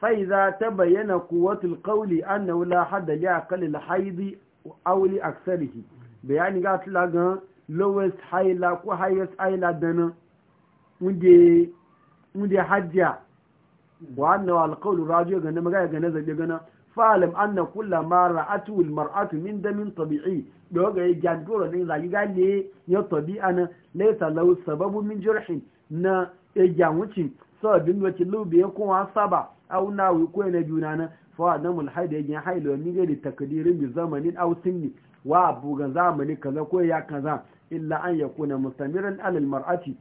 fa iza tabayyana quwwatul qawli annahu la hadda li aqli al hayd aw li aktharihi mm. bayani ga tulaga lowest la ko highest haila dana mun je mun je hajja wa annahu alqawlu raji'u ga nan magana ga nan zabe ga nan fa'alam anna kulla mar'atu min damin tabi'i da ga yi jandoro ne zagi ga ya tabi'a na laysa law sababu min jurhin na e sababin wace lubi ya kuma saba auna nawi ko na juna na fa na mulhaida ya hailo ni ga da takdirin bi zamanin au sinni wa abu zamani kaza ko ya kaza illa an kuna mustamiran na mar'ati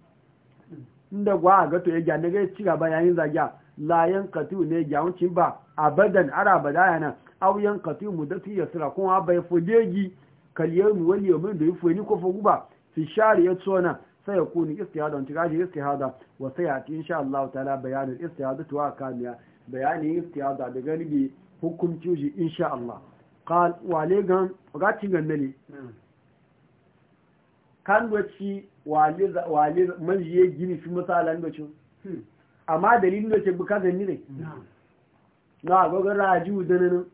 inda gwa ga to ya ga ga ci gaba yayin zagiya layan katu ne jawuncin ba abadan araba da yana aw yankatu mudatu yasra kuma bai fudeji kaliyami wani yomin da ya ni ko faguba fi shari ya tsona sai ya kuni istihada wani tirashi istihada wa sai a ti insha Allah ta'ala bayanin istihada tuwa kamiya bayanin istihada da galibi hukunci shi insha Allah qal wale gan ratin gan mele kan wace wale wale man je gini fi misalan da cin hmm. amma dalilin da ke buka zanni ne na agogon raji da nan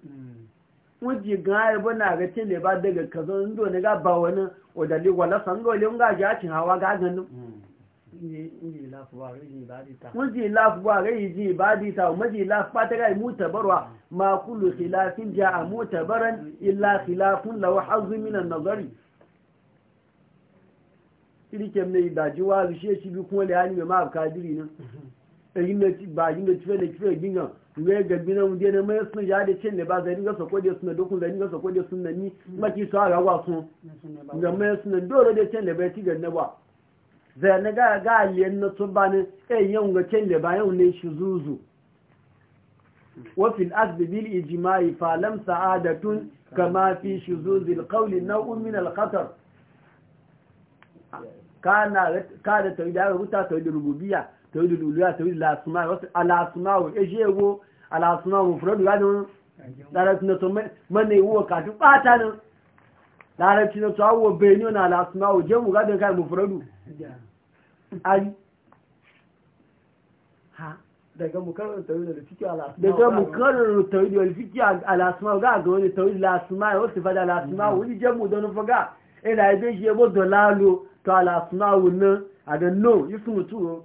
wuji mm. gaya ba na da ne ba daga kazo ndo na ga ba wani odali wala sango le ga ji cin hawa ga ganin mm. wujji lafi ba rai yi ba di ta wujji lafi ba ta ga mutabarwa mm. ma kullu khilafin ja'a mutabaran illa khilafun lawa hazzu min an-nazari irikem ne idaji wa shi shi bi kuma le hani ma abkadiri nan mm-hmm. ba bayin da cife da cife ginga ruwa gabi na wunde na mai suna ya da cin ne ba zai ringa sako da suna dokun zai ringa sako da suna ni mm. maki su haka wa sun ga mai suna dole da cin ne bai ci gani ba zai na ga ga aliyan na sun ba ne ɗan e, yau ga cin ne ba yau ne shi zuzu mm. wafin asibil ijimai falam sa'adatun kama fi shi zuzil kauli na'un min alkhatar kana da tawida rubuta tawida rububiya tawhid al-uluhiyya tawhid al-asma wa al-asma wa ejego al-asma mufrad wa don larabci na to man ne wo ka awo ga da kai mufradu ai ha daga mukarrar tawhid al-fiqh al-asma daga mukarrar tawhid al-fiqh al ga ga wani tawhid al-asma wa sifat al-asma wa don faga ina ibe bo to mutu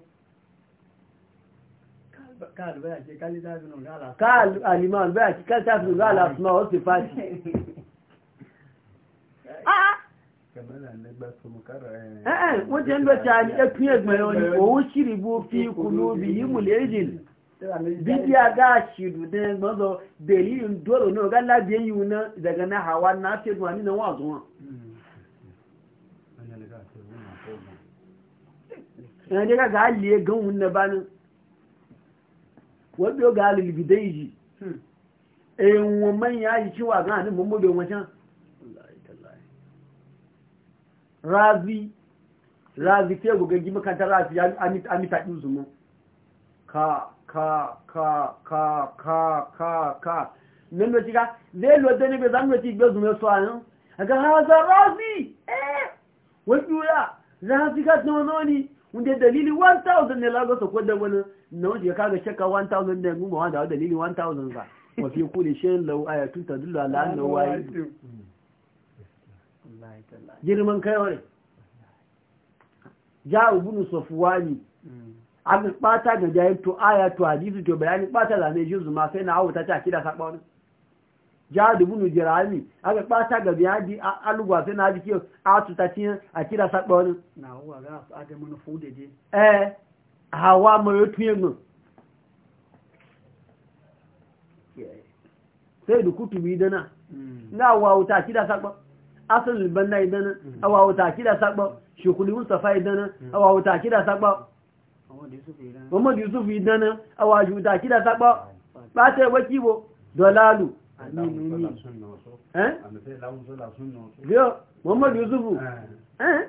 káàlù bẹ́ẹ̀ àti kálítàfínù gáàlà káàlù àlìmọ̀ bẹ́ẹ̀ àti kálítàfínù gáàlà fún ọ ti fàájì wọ́n jẹ́ ń bẹ̀ta ní ẹkùn ẹgbẹ̀rẹ̀ òní òun ṣìrì bú fi kùlù bí yí mú lè rìn bíbí àgá ṣìrù dẹ́ gbọ́dọ̀ bèlì ń dọ́rọ̀ náà gá lábẹ́ yìí náà ìdàgbà náà àwa náà ṣẹ́gun àmì náà wà tó wọn. ẹ̀rọ jẹ́ ká gàá lè gan òun náà bá náà wadda ga alilbidai ji ɗayan woman ya yi cewa ga hannun mummu bai wancan razi razi ke gima kanta razi ya amita ɗin zumu ka ka ka ka ka ka ka nan da ka, lelo da ne da ga haza razi eh wani ka dalili 1000 ne lagos ko da wani na wanda ya kaga shakka 1000 da mu ma wa dalilin 1000 ba wa fi kulli shay'in law ayatun tadullu ala annahu wahid girman kai wani ja ibn safwani an bata ga jayin to aya to hadisi to bayani bata da ne juzu ma sai na hawo ta kida sabo ne ja ibn jirami aka bata ga biyadi alugwa sai na jiki a tuta a kida sabo ne na hawo ga adamu fude je eh hawa mai tuye mu sai da kutubi dana na wauta kida sakba asan libanna idana awa wauta kida sakba shekuli mustafa idana awa wauta kida sakba Muhammad Yusuf idana awa juta kida sakba ba sai wakibo dalalu eh Muhammad eh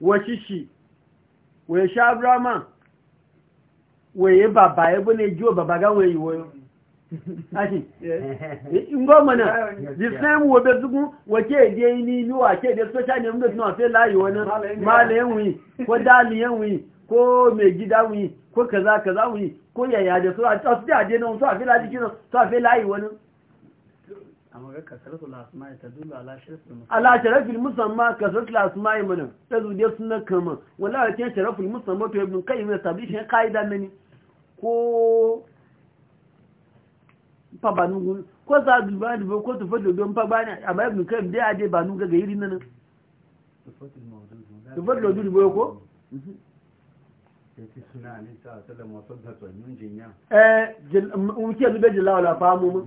washishi waye sha brahman waye baba ya bane jiwo baba ga waye woyo ashi ngoma na the same wo be zugun wace de ni ni wace de social ne mbe tuna fe layi na mala yanwi ko dali yanwi ko me gida ko kaza kaza wi ko yaya da su a tsaya de non so a fe laji kino so afe fe layi wani alasharafin musamman kasaratul asma'i mana ta zuɗe suna kama wala a cikin sharafin musamman to ibn kai mai tabishin ka'ida mani ko fabanugun ko sa duba duba ko tufa dodon fabani a bayan ibn kai dai a dai banu ga gairi nan tufa dodon duba ko? eh umke zube jila wala famu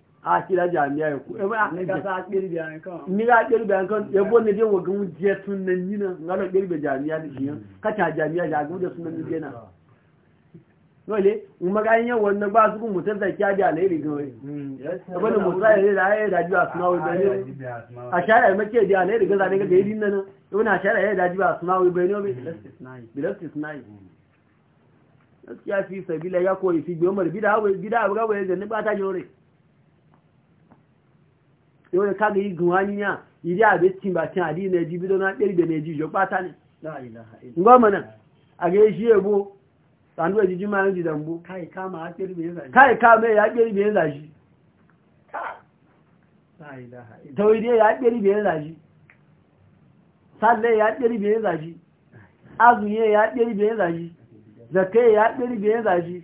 akila jami'a ya ku ebe a kasa kirbiyan kan ni ga kirbiyan kan ya bo ne je wogin je tunan yina ngalo kirbe jami'a ni jiyan kacha jami'a ya gudu sunan ni gena dole in magayin yau wannan ba su kun mutar zakiya da alheri ga wai abin da musa ya da ya da ba suna wai ne. a shara ya mace da alheri ga zane ga gairin nan Ebe na shara ya da ba suna wai bayani bilastis nai gaskiya fi sabila ya koyi fi biyo biyomar bida abu ga wai zanni ba ta jore yau da kaga yi gunwaniya iri a betin ba cin adi na ji bido na ɗari da na ji jo ɓata ne goma nan a ga shi yabo sandu a jijin mayan ji dambo kai kama e ya ƙeri bayan zashi tauride ya ƙeri bayan zashi salle e ya ƙeri bayan zashi azunye ya ƙeri bayan zashi zakai e ya ƙeri bayan zashi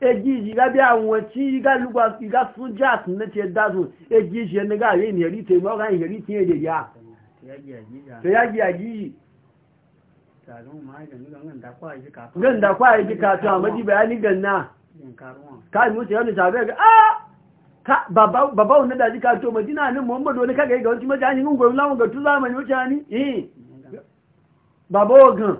ejiji gabi àwọn tí igalugba iga fún jack ní ti dáadùn ejiji ẹni gáà rí ìhẹ̀rí tẹ mọ́ ọ̀gá ìhẹ̀rí tí èdè yá tẹ́yájì àjíyì gẹ́ndàkwá ìdí kàtọ́ àmọ́jí bẹ̀yà ní gẹ̀nà káàkiri mú tẹ́yọ́ ní sàbẹ̀ bàbá òun náà dájí kàtọ́ mọ̀ dínà ní mọ́mọ́dọ̀ ní kàkẹ́ ìgbà tí mọ́já ní gbogbo láwọn gẹ̀tú láàmà ní ó ogun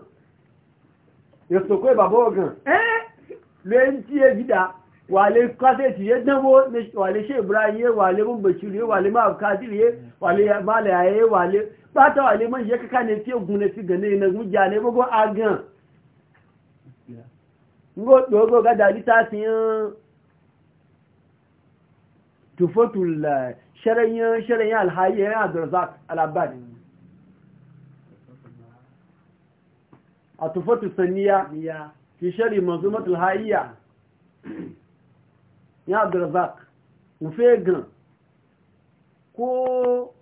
lẹ́yìn ya gida wale kwaseti ya dabo wale she ibrahim ya wale mun bashir ya wale ma abkadir ya wale mala ya ya wale bata wale man ya kaka ne fi ogun ne fi gane na guja ne bago agan ngo dogo ga fi shari manzumatul hayya ya abdurazak nufe gan ko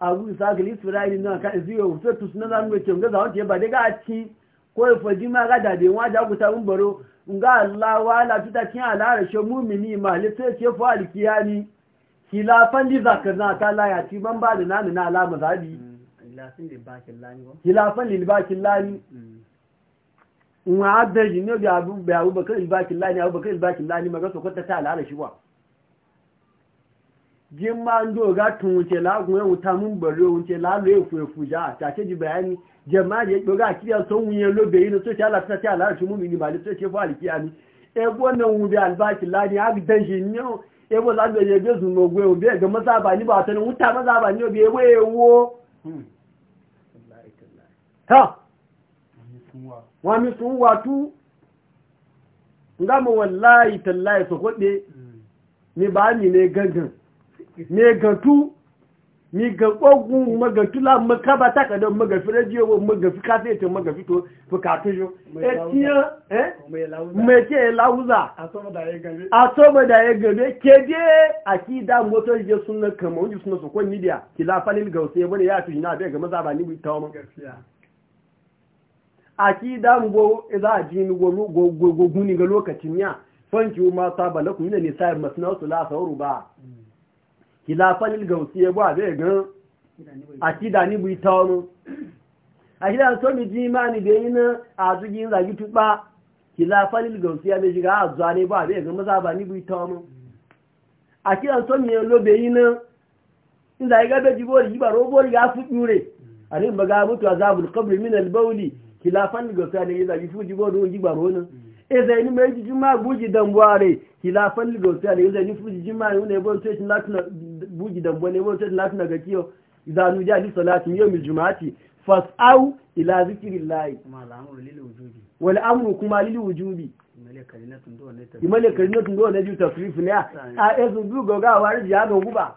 abu isa gali israeli na ka iziyo wuce tusu na zanuwa ke nga zawon ke ba daga a ci ko ya faji ma ga dade wa ja guta un baro nga allah wa la tuta kin ala rashe mumini ma le sai ke fa alkiyani khilafan li zakarna ta la ya ci ban ba da nanu alama zabi khilafan lil bakillani khilafan lil wa adar jini bi abu bi abu bakar ilbakin lani abu bakar ilbakin lani maga ta al'ada wa jin ma an do tun wuce la kun wuta mun bare wuce la lo efu efu ja ta ce bayani jama'a ya doga kiya so mun ye lo bayin so ta so e e ga maza ba wuta maza ha wa mi sun watu nga mu wallahi tallahi so kode mm. mi ba ni ne gangan ne gantu mi ga kogun magantu la makaba ta kada magafi radio wo magafi cassette magafi to to cartouche etiyan eh me ke lauza aso da ye gabe aso da ye gabe kede akida moto je sunna kama unji sunna so ko media kila falil gausi bane ya ina be ga maza ba ni bi tawo gaskiya akida ngo za a ji ni gogun ni ga lokacin ya fanki ma ta balakum ne ne sai masna sula sauru ba khilafan gausiye ba zai ga akida ni bu tawo akida so mi ji imani da yin azugin zagi tuba khilafan gausiya bai shiga a azwane ba zai ga maza ba ni bu tawo akida so mi lo yi na inda ga be jibori ba robori ga fu dure arin ga mutu a azabul qabri min al bawli khilafan gosa ne yaza yi fuji bo don gigba rona e zai ni mai jiji buji dambware kilafan khilafan gosa ne yaza yi fuji jima ne bo sai tin latina buji dan bo ne bo sai latina ga kiyo idan uja li salati yawmil fas fas'au ila zikrillahi wal amru kuma lil wujubi imale karinatun do ne ju tasrif ne a ezu du goga war ya ga guba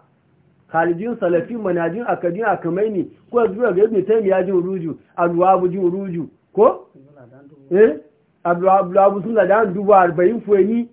kharijin salafi manajin akadin akamaini ko zuwa ga ibn taymiya jin ruju alwabu jin ruju ko eh abdullabu sun da dubu arba'in fuwayi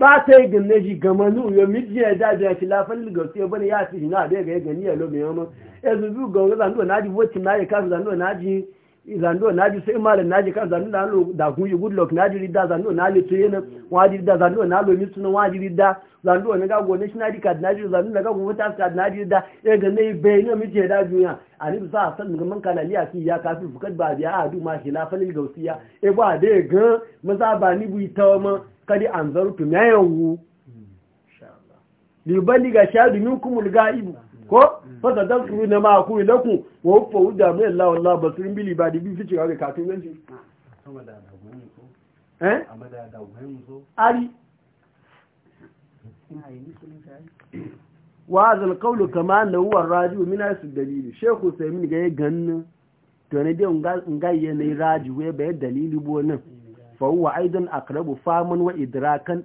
ba sai yi ganna shi gama nu ya miji ya da biya filafan gausu ya bane ya fi na da ya gani ya lobe yamma ya zubi ga wani zanuwa na ji wacce na ya kafin zanuwa na ji zando na ji sai malam na ji kan zando na lo da kun yi good luck na ji ridda zando na le to na wa ji ridda zando na lo mi na wa ji ridda zando na ga go national card na ji zando na ga go voters card na ji ridda e ga ne bai ne mi ce da duniya ani sa san ga man kana liya ki ya kafi fukat ba biya a du ma khilafan al gausiya e ba da ga maza ba ni bu ita ma kadi an anzaru tu mayawu hmm. insha Allah li baliga shadu minkum al gaibu ko fata mm. dan kuru na ma ku ku wa fa wuda mai Allah wallahi basirin bili ba da bi fice ga tun yanzu eh amada da goyen ko ari yi ne sai wa zal qawlu kama annahu ar-radi min as-dalil shaykh usaymin ga gannu to ne dai nga ne radi we ba dalili bo nan fa huwa aidan aqrabu faman wa idrakan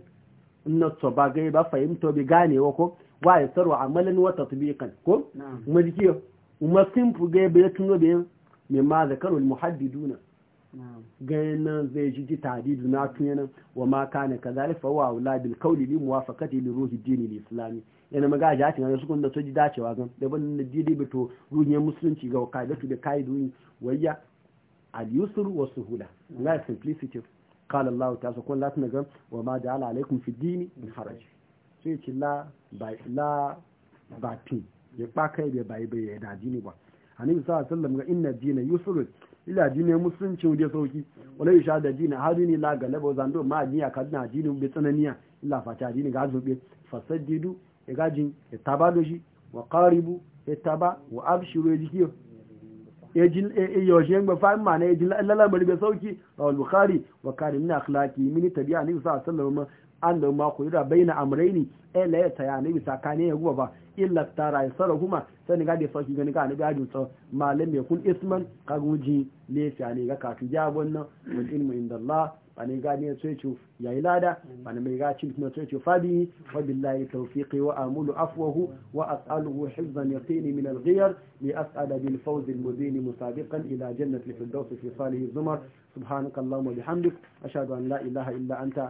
inna tabagai ba fahimto bi ganewa ko wa ya amalan wa tatbiqan ko kuma jiki kuma simple ga tuno da me ma zakaru al muhaddiduna ganin zai ji ji tadidu na tunanin wa ma kana kazalika fa wa bil qawli bi muwafaqati li ruhi dini al islami yana maga ja tin su kun da so ji dacewa gan da ban da didi bito ruhin musulunci ga kaidatu da kaidu wayya al yusr wa suhula la simplicity allah ta'ala kun la لا wa ma جعل عليكم fi dini من haraj sai ci la batin ya kpaka bai bai bai ya daji ne ba a nabi sa sallam ga inna dina yusrul ila dina musulunci wuje sauki wala yusha da dina hadu ni la galaba zando ma dina ka dina dinin bai tsananiya ila fata dina ga zobe fasar fasaddidu ya gajin ya taba doji wa karibu ya taba wa abshiru ya jikiyo yajin yaushe ba fa ma na yajin lalamari bai sauki rawal bukhari wa kana min akhlaqi min tabi'a ni sa sallam annahu ma kudura baina amrayni ila eh, ya taya ne bisa kane ya guba ba illa tara ya sara kuma sai ni gade sauki gani ka ni gade so malam kun isman ka guji ne fi ne ga katu ja wannan wal ilmu inda Allah ba ne gani ya ya ilada lada ba ne mai gaci na tsoye fadi wa billahi tawfiqi wa amulu afwahu wa as'aluhu hifzan yaqini min al-ghiyar li bil fawz al musabiqan ila jannati al-firdaws fi salihi zumar subhanakallahumma wa bihamdik ashhadu an la ilaha illa anta